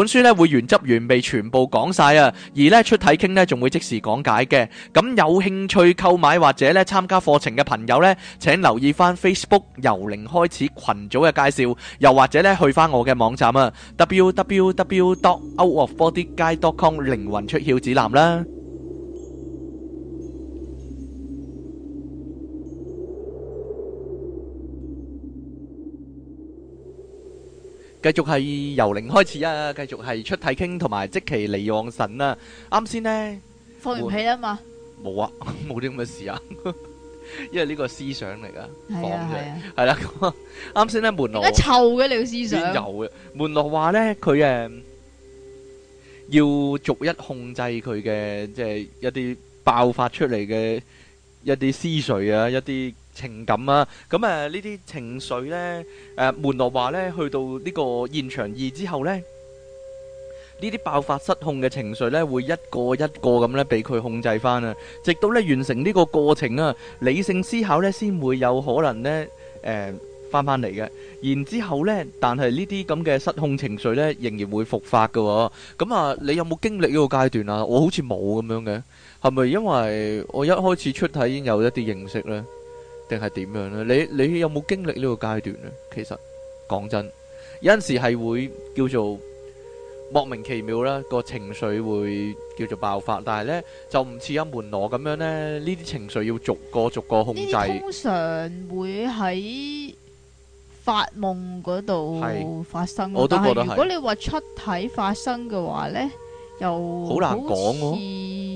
本書咧會原汁原味全部講晒啊，而咧出體傾咧仲會即時講解嘅。咁有興趣購買或者咧參加課程嘅朋友咧，請留意翻 Facebook 由零開始群組嘅介紹，又或者咧去翻我嘅網站啊 www.outofbodyguide.com 靈魂出竅指南啦。繼續係由零開始啊！繼續係出體傾同埋即其離往神啊！啱先呢，放完屁啊嘛，冇啊，冇啲咁嘅事啊， 因為呢個思想嚟噶，係啊，係啊，係啦，啱先咧，門羅，一臭嘅你個思想，有嘅，門羅話咧，佢誒要逐一控制佢嘅，即係一啲爆發出嚟嘅一啲思緒啊，一啲。情感啊，咁誒，呢啲情緒咧，誒，門羅話咧，去到呢個現場二之後咧，呢啲爆發失控嘅情緒咧，會一個一個咁咧，俾佢控制翻啊，直到咧完成呢個過程啊，理性思考咧，先會有可能咧，誒，翻翻嚟嘅。然之後咧，但係呢啲咁嘅失控情緒咧，仍然會復發噶。咁啊，你有冇經歷呢個階段啊？我好似冇咁樣嘅，係咪因為我一開始出體已經有一啲認識咧？定係點樣呢？你你有冇經歷呢個階段呢？其實講真，有陣時係會叫做莫名其妙啦，個情緒會叫做爆發，但係呢，就唔似阿門羅咁樣呢，呢啲情緒要逐個逐個控制。通常會喺發夢嗰度發生，我都覺得係。但係如果你話出體發生嘅話呢，又好難講喎。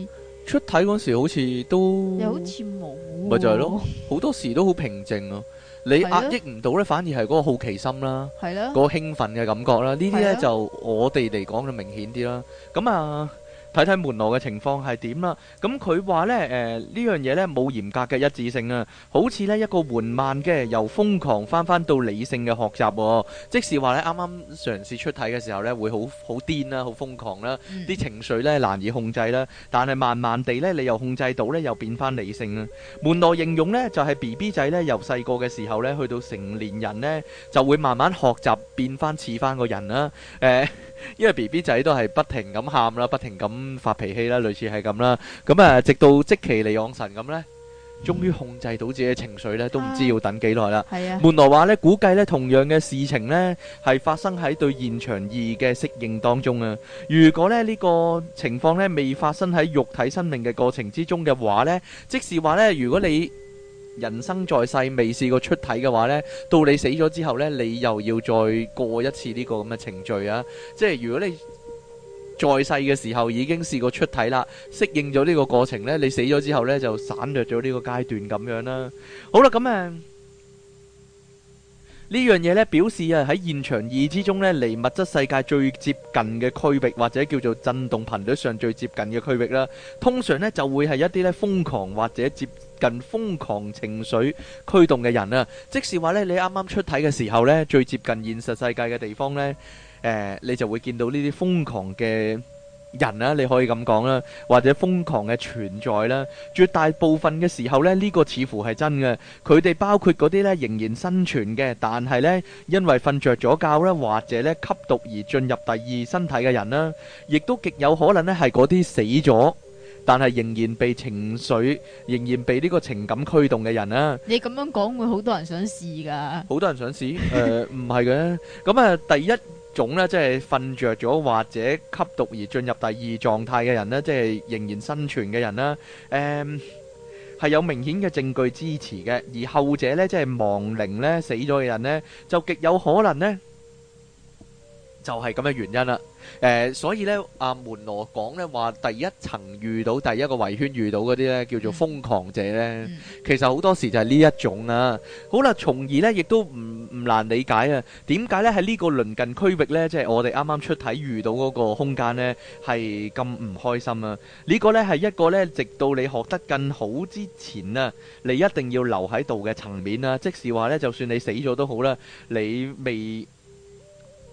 是出體嗰時好似都又好似冇，咪就係咯，好多時都好平靜啊！你壓抑唔到咧，啊、反而係嗰個好奇心啦，啊、個興奮嘅感覺啦，呢啲咧、啊、就我哋嚟講就明顯啲啦。咁啊～睇睇門羅嘅情況係點啦，咁佢話呢，誒、呃、呢樣嘢呢冇嚴格嘅一致性啊，好似呢一個緩慢嘅由瘋狂翻翻到理性嘅學習喎、啊。即使話咧啱啱嘗試出體嘅時候呢，會好好癲啦、啊，好瘋狂啦、啊，啲情緒呢難以控制啦、啊。但係慢慢地呢，你又控制到呢，又變翻理性啊。門羅形容呢，就係、是、B B 仔呢由細個嘅時候呢去到成年人呢，就會慢慢學習變翻似翻個人啦、啊。誒、呃，因為 B B 仔都係不停咁喊啦，不停咁。發脾氣啦，類似係咁啦，咁、嗯、啊直到即其嚟往神咁呢，終於控制到自己嘅情緒呢，都唔知要等幾耐啦。係啊，門羅話咧，估計呢同樣嘅事情呢，係發生喺對現場二嘅適應當中啊。如果呢呢、這個情況呢，未發生喺肉體生命嘅過程之中嘅話呢，即是話呢，如果你人生在世未試過出體嘅話呢，到你死咗之後呢，你又要再過一次呢個咁嘅程序啊。即係如果你。在世嘅時候已經試過出體啦，適應咗呢個過程咧，你死咗之後呢，就省略咗呢個階段咁樣啦。好啦，咁啊呢樣嘢呢，表示啊喺現場二之中呢，離物質世界最接近嘅區域，或者叫做震動頻率上最接近嘅區域啦，通常呢，就會係一啲咧瘋狂或者接近瘋狂情緒驅動嘅人啊。即是話呢，你啱啱出體嘅時候呢，最接近現實世界嘅地方呢。誒，你就會見到呢啲瘋狂嘅人啦，你可以咁講啦，或者瘋狂嘅存在啦。絕大部分嘅時候呢，呢個似乎係真嘅。佢哋包括嗰啲呢仍然生存嘅，但係呢因為瞓著咗覺啦，或者呢吸毒而進入第二身體嘅人啦，亦都極有可能呢係嗰啲死咗，但係仍然被情緒、仍然被呢個情感驅動嘅人啦。你咁樣講會好多人想試㗎，好多人想試誒，唔係嘅。咁啊，第一。種咧，即係瞓著咗或者吸毒而進入第二狀態嘅人咧，即係仍然生存嘅人咧，誒係有明顯嘅證據支持嘅；而後者咧，即係亡靈咧，死咗嘅人咧，就極有可能咧，就係咁嘅原因啦。誒、呃，所以咧，阿、啊、門羅講咧話，第一層遇到第一個圍圈遇到嗰啲咧，叫做瘋狂者咧，嗯、其實好多時就係呢一種啊。好啦，從而咧亦都唔唔難理解啊。點解咧喺呢個鄰近區域咧，即、就、係、是、我哋啱啱出體遇到嗰個空間咧，係咁唔開心啊？這個，呢個咧係一個咧，直到你學得更好之前啊，你一定要留喺度嘅層面啊。即使話咧，就算你死咗都好啦，你未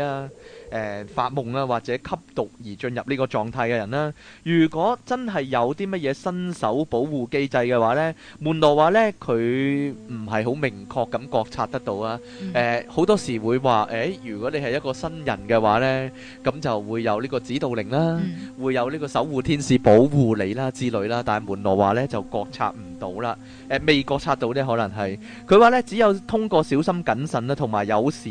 啊，誒，發夢啊，或者吸毒而進入呢個狀態嘅人啦。如果真係有啲乜嘢新手保護機制嘅話呢，門羅話呢佢唔係好明確咁覺察得到啊。誒，好多時會話誒，如果你係一個新人嘅話呢，咁就會有呢個指導靈啦，會有呢個守護天使保護你啦之類啦。但係門羅話呢就覺察唔到啦，誒，未覺察到呢可能係佢話呢只有通過小心謹慎啦，同埋有時。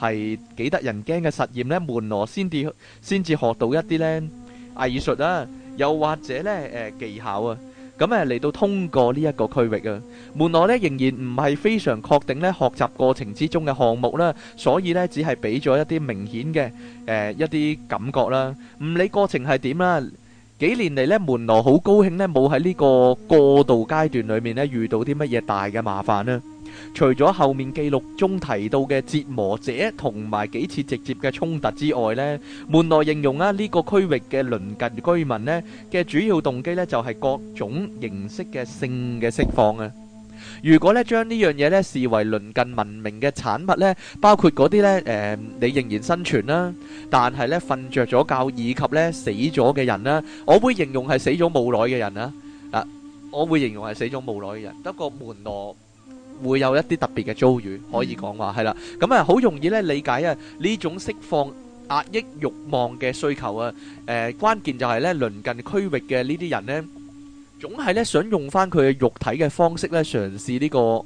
係幾得人驚嘅實驗咧，門羅先至先至學到一啲咧藝術啊，又或者咧誒技巧啊，咁誒嚟到通過呢一個區域啊，門羅咧仍然唔係非常確定咧學習過程之中嘅項目啦，所以咧只係俾咗一啲明顯嘅誒一啲感覺啦。唔理過程係點啦，幾年嚟咧門羅好高興咧冇喺呢個過渡階段裡面咧遇到啲乜嘢大嘅麻煩啊！除咗後面記錄中提到嘅折磨者同埋幾次直接嘅衝突之外咧，門羅形容啊呢個區域嘅鄰近居民咧嘅主要動機咧就係各種形式嘅性嘅釋放啊！如果咧將呢樣嘢咧視為鄰近文明嘅產物咧，包括嗰啲咧誒你仍然生存啦，但係咧瞓著咗覺以及咧死咗嘅人啦，我會形容係死咗冇耐嘅人啦啊！我會形容係死咗冇耐嘅人，不過門羅。會有一啲特別嘅遭遇可以講話，係啦、嗯，咁啊好容易咧理解啊呢種釋放壓抑慾，慾望嘅需求啊，誒、呃、關鍵就係咧鄰近區域嘅呢啲人呢，總係咧想用翻佢嘅肉體嘅方式咧嘗試呢、呢個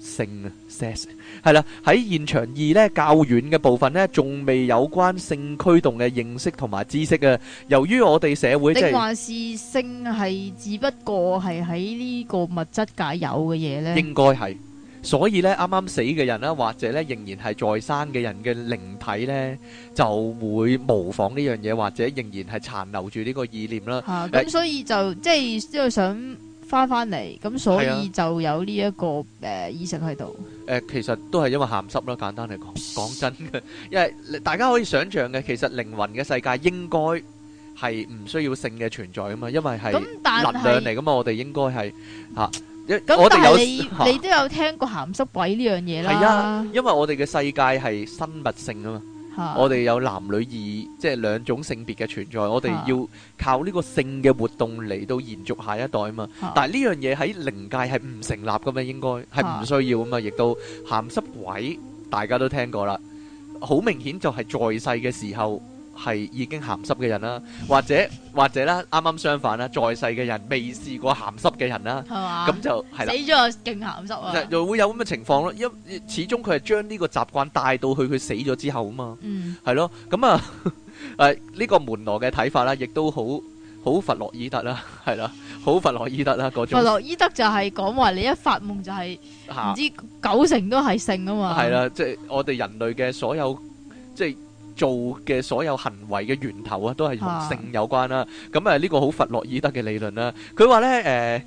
性色。係啦，喺現場二咧較遠嘅部分咧，仲未有關性驅動嘅認識同埋知識啊。由於我哋社會即，你話是性係只不過係喺呢個物質界有嘅嘢咧，應該係。所以咧，啱啱死嘅人啦、啊，或者咧仍然係在生嘅人嘅靈體咧，就會模仿呢樣嘢，或者仍然係殘留住呢個意念啦。嚇咁、啊、所以就、哎、即係即係想。翻翻嚟，咁所以就有呢、這、一個誒意識喺度。誒、啊呃，其實都係因為鹹濕啦，簡單嚟講，講真嘅，因為大家可以想象嘅，其實靈魂嘅世界應該係唔需要性嘅存在噶嘛，因為係能量嚟噶嘛，我哋應該係吓。咁、啊、但係是、啊、你、啊、你都有聽過鹹濕鬼呢樣嘢啦。係啊，因為我哋嘅世界係生物性噶嘛。 我哋有男女二，即係兩種性別嘅存在。我哋要靠呢個性嘅活動嚟到延續下一代啊嘛。但係呢樣嘢喺靈界係唔成立嘅咩？應該係唔需要啊嘛。亦都鹹濕鬼，大家都聽過啦。好明顯就係在世嘅時候。係已經鹹濕嘅人啦，或者或者咧，啱啱相反啦，在世嘅人未試過鹹濕嘅人啦，係嘛，咁就係啦，死咗勁鹹濕啊，又會有咁嘅情況咯，因始終佢係將呢個習慣帶到去佢死咗之後啊嘛，係咯，咁啊，誒，呢個門羅嘅睇法啦，亦都好好佛洛伊德啦，係啦，好佛洛伊德啦，嗰種佛洛伊德就係講話你一發夢就係唔知九成都係性啊嘛，係啦，即係我哋人類嘅所有即係。做嘅所有行為嘅源頭啊，都係同性有關啦。咁啊，呢個好弗洛伊德嘅理論啦，啊。佢話呢。誒、呃。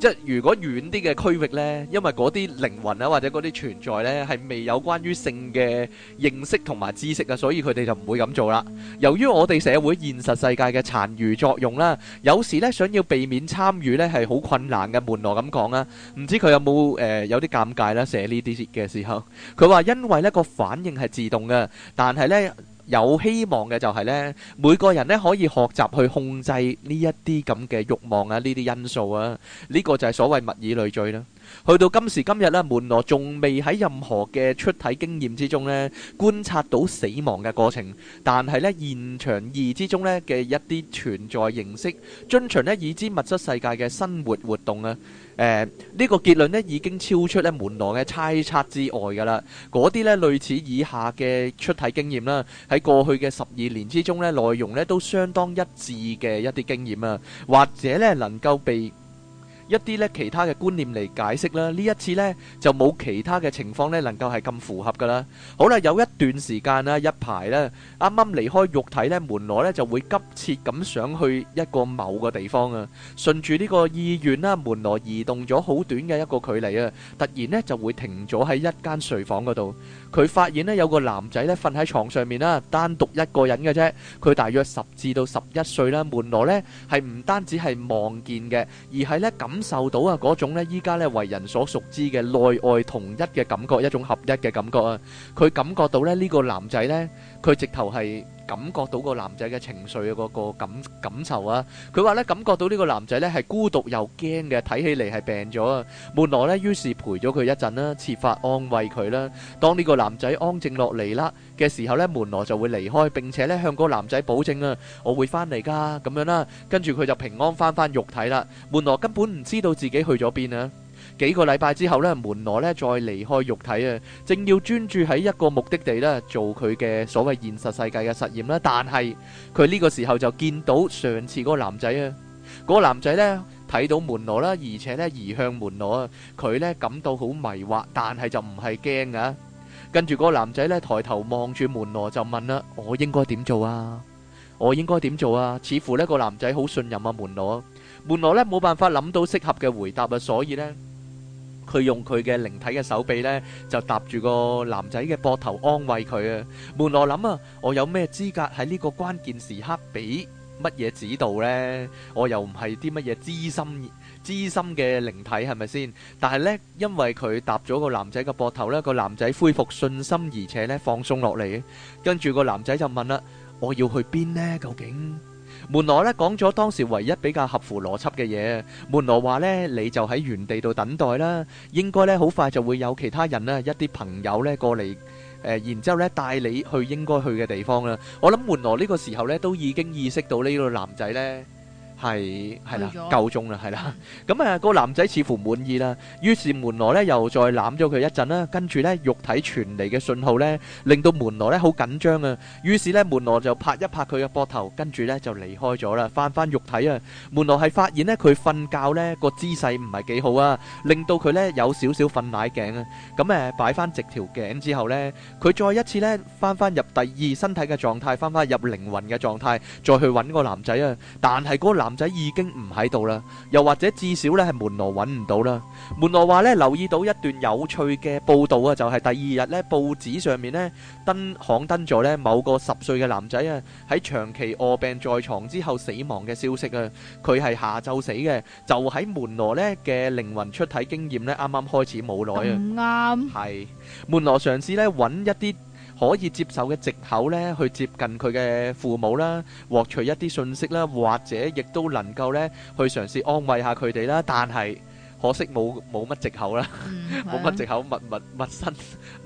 即如果遠啲嘅區域呢，因為嗰啲靈魂啊或者嗰啲存在呢，係未有關於性嘅認識同埋知識啊，所以佢哋就唔會咁做啦。由於我哋社會現實世界嘅殘餘作用啦，有時呢，想要避免參與呢係好困難嘅，門羅咁講啦，唔知佢有冇誒有啲、呃、尷尬啦，寫呢啲嘅時候，佢話因為呢個反應係自動嘅，但係呢。有希望嘅就係呢，每個人呢可以學習去控制呢一啲咁嘅慾望啊，呢啲因素啊，呢個就係所謂物以類聚啦。去到今時今日咧，門羅仲未喺任何嘅出體經驗之中咧觀察到死亡嘅過程，但係咧現場二之中咧嘅一啲存在形式，遵循呢已知物質世界嘅生活活動啊，誒、呃、呢、呢個結論呢已經超出咧門羅嘅猜測之外㗎啦。嗰啲咧類似以下嘅出體經驗啦，喺過去嘅十二年之中咧內容咧都相當一致嘅一啲經驗啊，或者咧能夠被一啲咧其他嘅觀念嚟解釋啦，呢一次呢，就冇其他嘅情況咧能夠係咁符合㗎喇。好啦，有一段時間啦，一排咧，啱啱離開肉體呢，門羅呢就會急切咁想去一個某個地方啊。順住呢個意願啦，門羅移動咗好短嘅一個距離啊，突然呢就會停咗喺一間睡房嗰度。佢發現咧，有個男仔咧瞓喺床上面啦，單獨一個人嘅啫。佢大約十至到十一歲啦。門羅咧係唔單止係望見嘅，而係咧感受到啊嗰種咧依家咧為人所熟知嘅內外同一嘅感覺，一種合一嘅感覺啊。佢感覺到咧呢個男仔咧，佢直頭係。感覺到個男仔嘅情緒嘅嗰個感感受啊，佢話咧感覺到呢個男仔咧係孤獨又驚嘅，睇起嚟係病咗啊。門羅呢於是陪咗佢一陣啦，設法安慰佢啦。當呢個男仔安靜落嚟啦嘅時候咧，門羅就會離開，並且咧向個男仔保證啊，我會翻嚟噶咁樣啦。跟住佢就平安翻翻肉體啦。門羅根本唔知道自己去咗邊啊。幾個禮拜之後呢，門羅呢再離開肉體啊，正要專注喺一個目的地呢做佢嘅所謂現實世界嘅實驗啦。但係佢呢個時候就見到上次嗰個男仔啊，嗰、嗰個男仔呢睇到門羅啦，而且呢移向門羅啊，佢呢感到好迷惑，但係就唔係驚啊。跟住嗰個男仔呢，抬頭望住門羅就問啦：我應該點做啊？我應該點做啊？似乎呢、嗰個男仔好信任阿、啊、門羅。門羅呢冇辦法諗到適合嘅回答啊，所以呢，佢用佢嘅靈體嘅手臂呢，就搭住個男仔嘅膊頭安慰佢啊。門羅諗啊，我有咩資格喺呢個關鍵時刻俾乜嘢指導呢？我又唔係啲乜嘢資深資深嘅靈體係咪先？但係呢，因為佢搭咗個男仔嘅膊頭呢，個男仔恢復信心，而且呢，放鬆落嚟。跟住個男仔就問啦、啊：我要去邊呢？究竟？門羅咧講咗當時唯一比較合乎邏輯嘅嘢，門羅話咧，你就喺原地度等待啦，應該咧好快就會有其他人啦，一啲朋友咧過嚟，誒、呃，然之後咧帶你去應該去嘅地方啦。我諗門羅呢個時候咧都已經意識到呢個男仔咧。係係啦，夠鐘啦，係啦。咁啊，個男仔似乎滿意啦，於是門羅呢又再攬咗佢一陣啦，跟住呢肉體傳嚟嘅信號呢，令到門羅呢好緊張啊。於是呢門羅就拍一拍佢嘅膊頭，跟住呢就離開咗啦，翻翻肉體啊。門羅係發現呢佢瞓覺呢個姿勢唔係幾好啊，令到佢呢有少少瞓奶頸啊。咁誒擺翻直條頸之後呢，佢再一次呢翻翻入第二身體嘅狀態，翻翻入靈魂嘅狀態，再去揾個男仔啊。但係嗰個男男仔已經唔喺度啦，又或者至少咧係門羅揾唔到啦。門羅話咧留意到一段有趣嘅報道啊，就係第二日咧報紙上面咧登刊登咗咧某個十歲嘅男仔啊喺長期臥病在床之後死亡嘅消息啊，佢係下晝死嘅，就喺門羅呢嘅靈魂出體經驗咧啱啱開始冇耐啊，咁啱係門羅嘗試咧揾一啲可以接受嘅藉口咧，去接近佢嘅父母啦，獲取一啲信息啦，或者亦都能夠咧，去嘗試安慰下佢哋啦。但係可惜冇冇乜藉口啦，冇乜、嗯、 藉口，陌陌陌生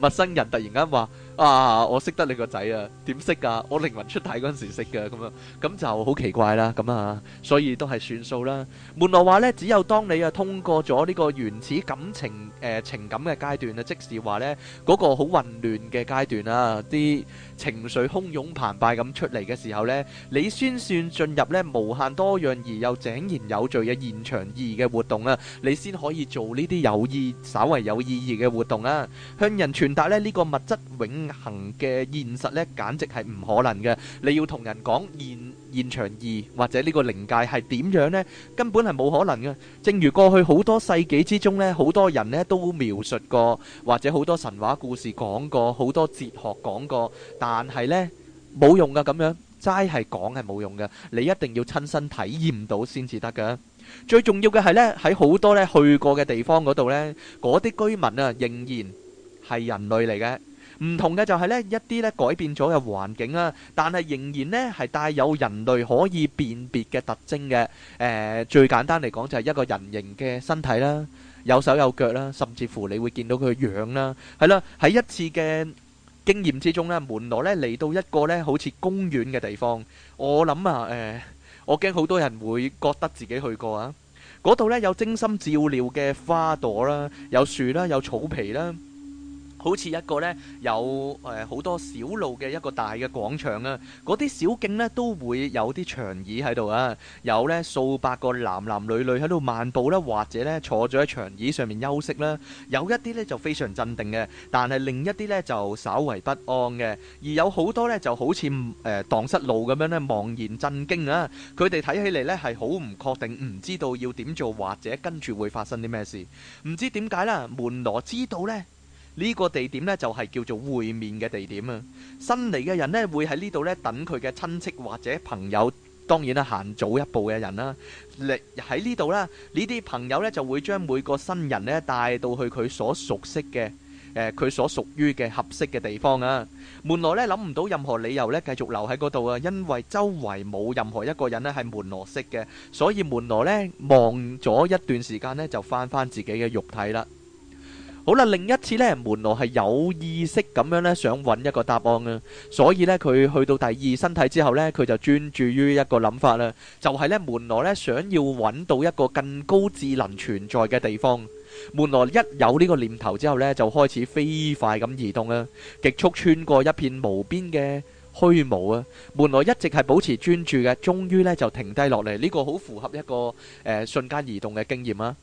陌生人突然間話。啊！我識得你個仔啊，點識啊？我靈魂出體嗰陣時識噶，咁樣咁就好奇怪啦。咁啊，所以都係算數啦。門羅話呢，只有當你啊通過咗呢個原始感情誒、呃、情感嘅階、那個、階段啊，即係話呢嗰個好混亂嘅階段啊，啲情緒洶湧澎湃咁出嚟嘅時候呢，你先算進入呢無限多樣而又井然有序嘅現場二嘅活動啊，你先可以做呢啲有意稍為有意義嘅活動啦、啊，向人傳達咧呢、呢個物質永行嘅現實呢，簡直係唔可能嘅。你要同人講現現場二或者呢個靈界係點樣呢？根本係冇可能嘅。正如過去好多世紀之中呢，好多人呢都描述過，或者好多神話故事講過，好多哲學講過，但係呢，冇用噶，咁樣齋係講係冇用嘅。你一定要親身體驗到先至得噶。最重要嘅係呢，喺好多呢去過嘅地方嗰度呢，嗰啲居民啊仍然係人類嚟嘅。唔同嘅就係呢一啲咧改變咗嘅環境啊，但係仍然呢係帶有人類可以辨別嘅特徵嘅。誒、呃、最簡單嚟講就係一個人形嘅身體啦，有手有腳啦，甚至乎你會見到佢嘅樣啦，係啦。喺一次嘅經驗之中呢，門羅呢嚟到一個呢好似公園嘅地方。我諗啊誒、呃，我驚好多人會覺得自己去過啊。嗰度呢有精心照料嘅花朵啦，有樹啦，有草皮啦。好似一個呢，有誒好多小路嘅一個大嘅廣場啊！嗰啲小徑呢，都會有啲長椅喺度啊，有呢數百個男男女女喺度漫步啦，或者呢坐咗喺長椅上面休息啦。有一啲呢就非常鎮定嘅，但係另一啲呢就稍為不安嘅，而有好多呢，就好似誒蕩失路咁樣呢，茫然震驚啊！佢哋睇起嚟呢，係好唔確定，唔知道要點做，或者跟住會發生啲咩事？唔知點解啦，門羅知道呢。呢個地點呢就係叫做會面嘅地點啊！新嚟嘅人呢會喺呢度呢等佢嘅親戚或者朋友，當然啦，行早一步嘅人啦，嚟喺呢度啦。呢啲朋友呢就會將每個新人呢帶到去佢所熟悉嘅，誒佢所屬於嘅合適嘅地方啊。門羅呢諗唔到任何理由呢繼續留喺嗰度啊，因為周圍冇任何一個人呢係門羅識嘅，所以門羅呢望咗一段時間呢就返返自己嘅肉體啦。好啦，另一次咧，門羅係有意識咁樣咧，想揾一個答案啊。所以咧，佢去到第二身體之後咧，佢就專注於一個諗法啦，就係咧，門羅咧想要揾到一個更高智能存在嘅地方。門羅一有呢個念頭之後咧，就開始飛快咁移動啊，極速穿過一片無邊嘅虛無啊。門羅一直係保持專注嘅，終於咧就停低落嚟。呢個好符合一個誒瞬間移動嘅經驗啊。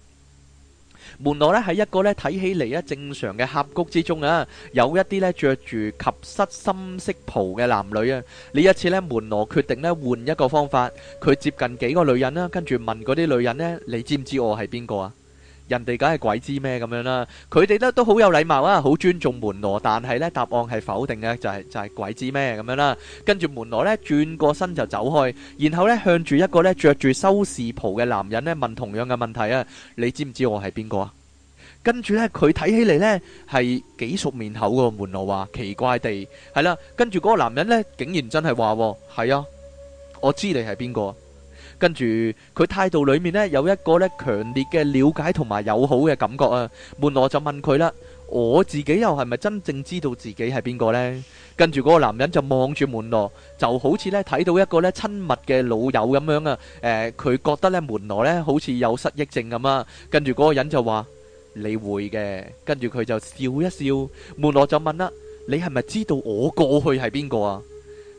門羅咧喺一個咧睇起嚟啊正常嘅峽谷之中啊，有一啲咧着住及膝深色袍嘅男女啊。呢一次咧，門羅決定咧換一個方法，佢接近幾個女人啦，跟住問嗰啲女人咧：你知唔知我係邊個啊？人哋梗係鬼知咩咁樣啦，佢哋咧都好有禮貌啊，好尊重門羅。但係咧答案係否定嘅，就係就係鬼知咩咁樣啦。跟住門羅咧轉過身就走開，然後咧向住一個咧著住修士袍嘅男人咧問同樣嘅問題啊，你知唔知我係邊個啊？跟住咧佢睇起嚟咧係幾熟面口個門羅話，奇怪地係啦。跟住嗰個男人咧竟然真係話係啊，我知你係邊個。跟住佢態度裏面呢，有一個呢強烈嘅了解同埋友好嘅感覺啊，門羅就問佢啦，「我自己又係咪真正知道自己係邊個呢？」跟住嗰個男人就望住門羅，就好似呢睇到一個呢親密嘅老友咁樣啊，誒、呃，佢覺得呢門羅呢好似有失憶症咁啊。跟住嗰個人就話：你會嘅。跟住佢就笑一笑。門羅就問啦：你係咪知道我過去係邊個啊？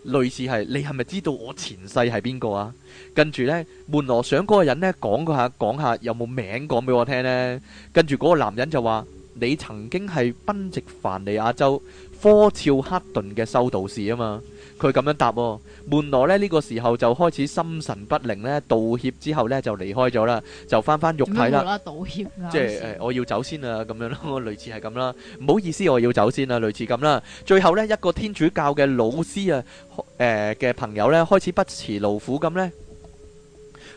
類似係，你係咪知道我前世係邊個啊？跟住呢，門羅想嗰個人呢講下，講下有冇名講俾我聽呢？跟住嗰個男人就話：你曾經係賓夕凡尼亞州科喬克頓嘅修道士啊嘛。佢咁樣答喎、哦，門羅咧呢、呢個時候就開始心神不寧咧，道歉之後呢，就離開咗啦，就返返肉體啦。道歉啊！即係、哎、我要走先啊，咁樣咯，類似係咁啦。唔好意思，我要走先啦，類似咁啦。最後呢，一個天主教嘅老師啊，誒、呃、嘅朋友呢，開始不辭勞苦咁呢，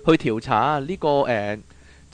去調查呢、呢個誒。呃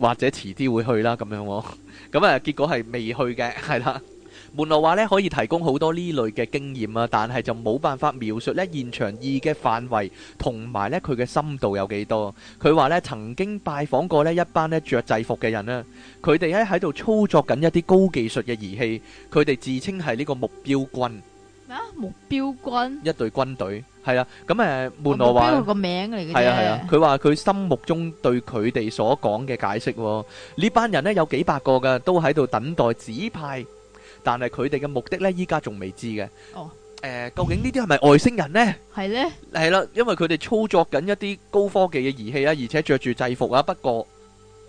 或者遲啲會去啦，咁樣喎。咁啊，結果係未去嘅，係啦。門羅話咧，可以提供好多呢類嘅經驗啊，但係就冇辦法描述咧現場二嘅範圍同埋咧佢嘅深度有幾多。佢話咧曾經拜訪過咧一班咧著制服嘅人啦，佢哋咧喺度操作緊一啲高技術嘅儀器，佢哋自稱係呢個目標軍。啊！目標軍一隊軍隊係啊，咁誒，門羅話個名嚟嘅啫，係啊係啊，佢話佢心目中對佢哋所講嘅解釋，呢班人咧有幾百個嘅，都喺度等待指派，但係佢哋嘅目的咧依家仲未知嘅。哦，誒，究竟呢啲係咪外星人咧？係咧，係啦，因為佢哋操作緊一啲高科技嘅儀器啊，而且着住制服啊。不過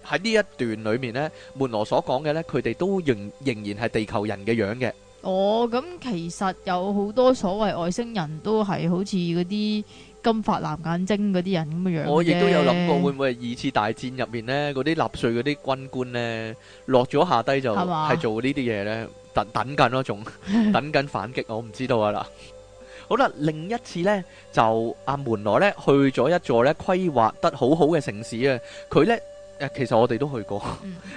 喺呢一段裏面咧，門羅所講嘅咧，佢哋都仍仍然係地球人嘅樣嘅。哦，咁其實有好多所謂外星人都係好似嗰啲金髮藍眼睛嗰啲人咁嘅樣嘅。我亦都有諗過會唔會二次大戰入面呢，嗰啲納粹嗰啲軍官呢落咗下低就係做呢啲嘢呢，等等緊咯，仲等緊反擊，我唔知道啊啦。好啦，另一次呢就阿門羅呢去咗一座呢規劃得好好嘅城市啊，佢呢。其實我哋都去過， 誒、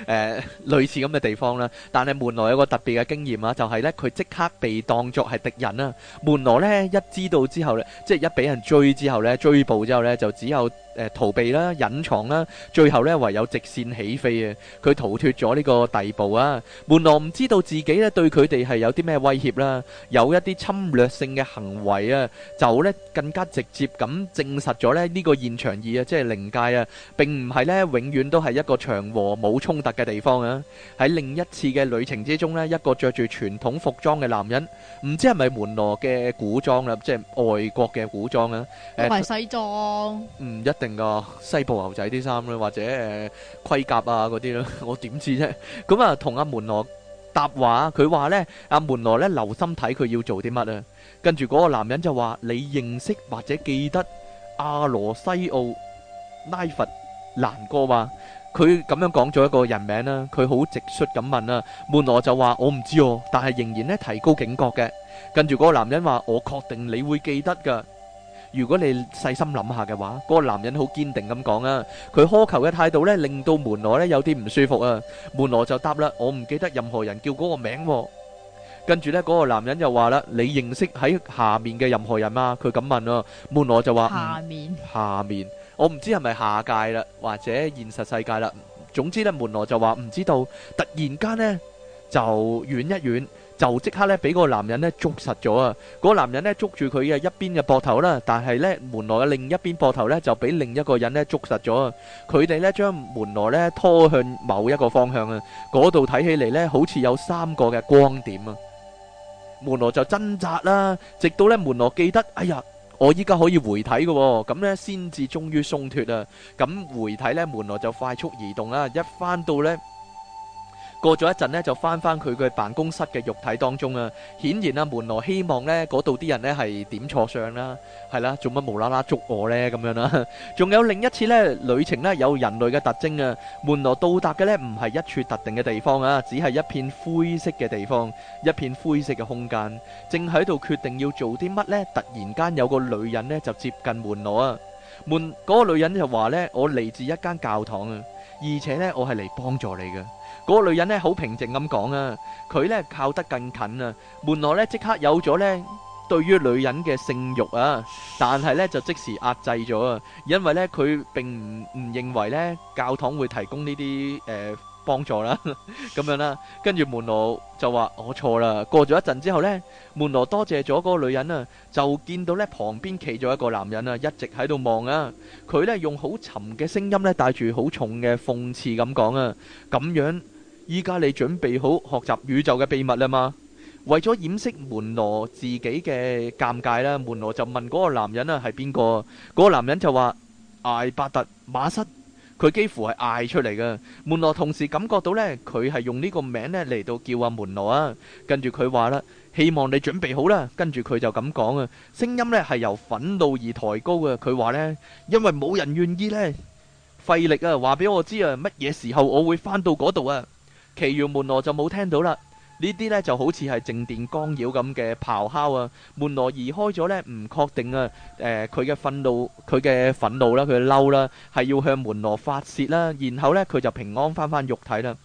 呃，類似咁嘅地方啦。但係門羅有個特別嘅經驗啊，就係、是、呢，佢即刻被當作係敵人啦、啊。門羅呢，一知道之後呢，即係一畀人追之後呢，追捕之後呢，就只有。誒，逃避啦，隱藏啦，最後咧，唯有直線起飛啊！佢逃脫咗呢個地步啊，門羅唔知道自己咧，對佢哋係有啲咩威脅啦，有一啲侵略性嘅行為啊，就咧更加直接咁證實咗咧呢個現場二啊，即係靈界啊，並唔係咧永遠都係一個祥和冇衝突嘅地方啊！喺另一次嘅旅程之中咧，一個着住傳統服裝嘅男人，唔知係咪門羅嘅古裝啦，即係外國嘅古裝啦，同埋西裝，唔一定。定個西部牛仔啲衫咧，或者誒盔甲啊嗰啲咧，我點知啫？咁啊，同阿門羅搭話，佢話咧阿門羅咧留心睇佢要做啲乜啊。跟住嗰個男人就話：你認識或者記得阿羅西奧拉弗蘭哥嘛？佢咁樣講咗一個人名啦，佢好直率咁問啦。門羅就話：我唔知哦，但係仍然咧提高警覺嘅。跟住嗰個男人話：我確定你會記得噶。如果你細心諗下嘅話，嗰個男人好堅定咁講啊，佢苛求嘅態度呢，令到門羅呢有啲唔舒服啊。門羅就答啦：我唔記得任何人叫嗰個名喎。跟住呢，嗰個男人又話啦：你認識喺下面嘅任何人啊？佢咁問啊。門羅就話：下面，嗯，下面，我唔知係咪下界啦，或者現實世界啦。總之呢，門羅就話唔知道。突然間呢，就遠一遠。就即刻咧，俾個男人咧捉實咗啊！嗰個男人咧捉住佢嘅一邊嘅膊頭啦，但係咧門羅嘅另一邊膊頭咧就俾另一個人咧捉實咗。佢哋咧將門羅咧拖向某一個方向啊！嗰度睇起嚟咧好似有三個嘅光點啊！門羅就掙扎啦，直到咧門羅記得，哎呀，我依家可以回體嘅，咁咧先至終於鬆脱啊！咁回體咧，門羅就快速移動啦，一翻到咧。過咗一陣呢，就翻翻佢嘅辦公室嘅肉體當中啊！顯然啊，門羅希望呢嗰度啲人呢係點錯相啦，係啦，做乜無啦啦捉我呢？咁樣啦、啊？仲有另一次呢旅程呢，有人類嘅特徵啊！門羅到達嘅呢，唔係一處特定嘅地方啊，只係一片灰色嘅地方，一片灰色嘅空間，正喺度決定要做啲乜呢？突然間有個女人呢，就接近門羅啊，門嗰、嗰個女人就話呢，我嚟自一間教堂啊，而且呢，我係嚟幫助你嘅。嗰個女人咧好平靜咁講啊，佢咧靠得更近啊，門羅咧即刻有咗咧對於女人嘅性欲啊，但係咧就即時壓制咗啊，因為咧佢並唔唔認為咧教堂會提供呢啲誒幫助啦，咁樣啦，跟住門羅就話我錯啦。過咗一陣之後咧，門羅多謝咗嗰個女人啊，就見到咧旁邊企咗一個男人啊，一直喺度望啊，佢咧用好沉嘅聲音咧帶住好重嘅諷刺咁講啊，咁樣。依家你準備好學習宇宙嘅秘密啦嘛？為咗掩飾門羅自己嘅尷尬啦，門羅就問嗰個男人啊係邊個？嗰個男人就話艾伯特馬失，佢幾乎係嗌出嚟嘅。門羅同時感覺到咧，佢係用呢個名咧嚟到叫阿門羅啊。跟住佢話啦，希望你準備好啦。跟住佢就咁講啊，聲音咧係由憤怒而抬高嘅。佢話咧，因為冇人願意咧費力啊，話俾我知啊，乜嘢時候我會翻到嗰度啊？其餘門羅就冇聽到啦，呢啲呢就好似係靜電干擾咁嘅咆哮啊！門羅移開咗呢，唔確定啊，誒，佢嘅憤怒，佢嘅憤怒啦，佢嘅嬲啦，係要向門羅發泄啦，然後呢，佢就平安翻翻肉體啦。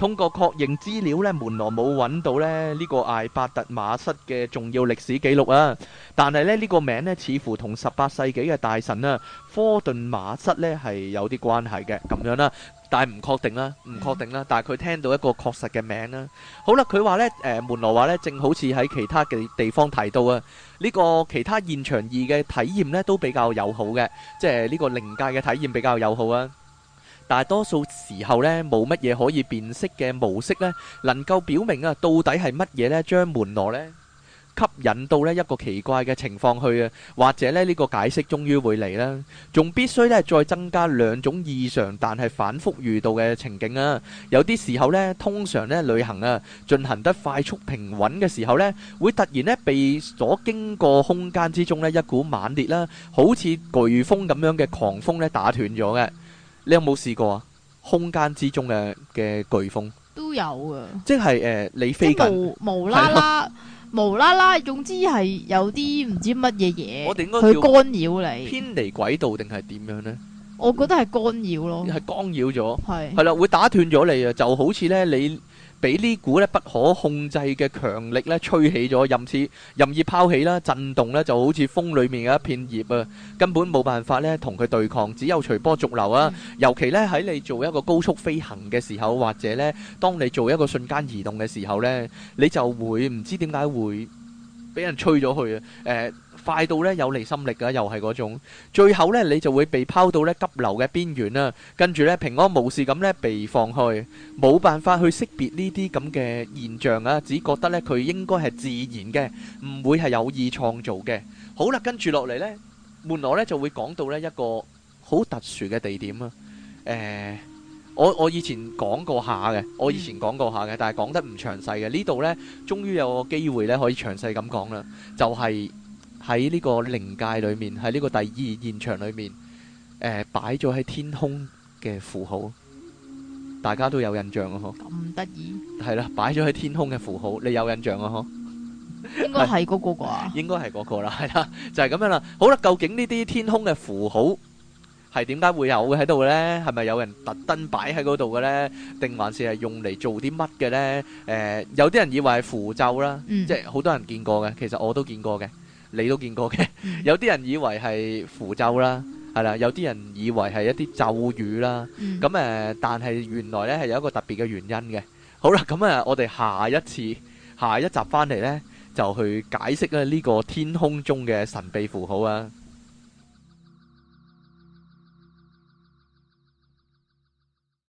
通過確認資料咧，門羅冇揾到咧呢個艾伯特馬塞嘅重要歷史記錄啊！但係咧呢個名呢，似乎同十八世紀嘅大神啊科頓馬塞呢係有啲關係嘅咁樣啦，但係唔確定啦，唔確定啦。但係佢聽到一個確實嘅名啦。好啦，佢話咧誒，門羅話咧，正好似喺其他嘅地方提到啊，呢、這個其他現場二嘅體驗呢，都比較友好嘅，即係呢個靈界嘅體驗比較友好啊。大多數時候咧，冇乜嘢可以辨識嘅模式咧，能夠表明啊，到底係乜嘢咧，將門羅咧吸引到咧一個奇怪嘅情況去啊，或者咧呢個解釋終於會嚟啦，仲必須咧再增加兩種異常，但係反覆遇到嘅情景啊。有啲時候咧，通常咧旅行啊進行得快速平穩嘅時候咧，會突然咧被所經過空間之中咧一股猛烈啦，好似颶風咁樣嘅狂風咧打斷咗嘅。你有冇試過啊？空間之中嘅嘅颶風都有啊，即係誒、呃，你飛近無啦啦，無啦啦對、啊，總之係有啲唔知乜嘢嘢，我哋應該去干擾你，偏離軌道定係點樣咧？我覺得係干擾咯的，係干擾咗，係係啦，會打斷咗你啊，就好似咧你。俾呢股咧不可控制嘅強力咧吹起咗，任似任意拋起啦，震動咧就好似風裏面嘅一片葉啊，根本冇辦法咧同佢對抗，只有隨波逐流啊！尤其咧喺你做一個高速飛行嘅時候，或者咧當你做一個瞬間移動嘅時候咧，你就會唔知點解會俾人吹咗去啊！誒、呃、～快到咧有離心力噶，又係嗰種。最後咧，你就會被拋到咧急流嘅邊緣啦。跟住咧，平安無事咁咧被放去，冇辦法去識別呢啲咁嘅現象啊，只覺得咧佢應該係自然嘅，唔會係有意創造嘅。好啦，跟住落嚟咧，門羅咧就會講到咧一個好特殊嘅地點啊。誒，我我以前講過下嘅，我以前講過下嘅，但係講得唔詳細嘅。呢度咧，終於有個機會咧可以詳細咁講啦，就係。喺呢個靈界裏面，喺呢個第二現場裏面，誒、呃、擺咗喺天空嘅符號，大家都有印象嗬，咁得意係啦，擺咗喺天空嘅符號，你有印象啊？嗬，應該係嗰個啩？ 應該係嗰個啦，係啦，就係、是、咁樣啦。好啦，究竟呢啲天空嘅符號係點解會有喺度嘅咧？係咪有人特登擺喺嗰度嘅咧？定還是係用嚟做啲乜嘅咧？誒、呃，有啲人以為係符咒啦，嗯、即係好多人見過嘅，其實我都見過嘅。你都見過嘅， 有啲人以為係符咒啦，係啦，有啲人以為係一啲咒語啦，咁誒、嗯，但係原來呢係有一個特別嘅原因嘅。好啦，咁誒，我哋下一次下一集翻嚟呢，就去解釋咧、啊、呢個天空中嘅神秘符號啊！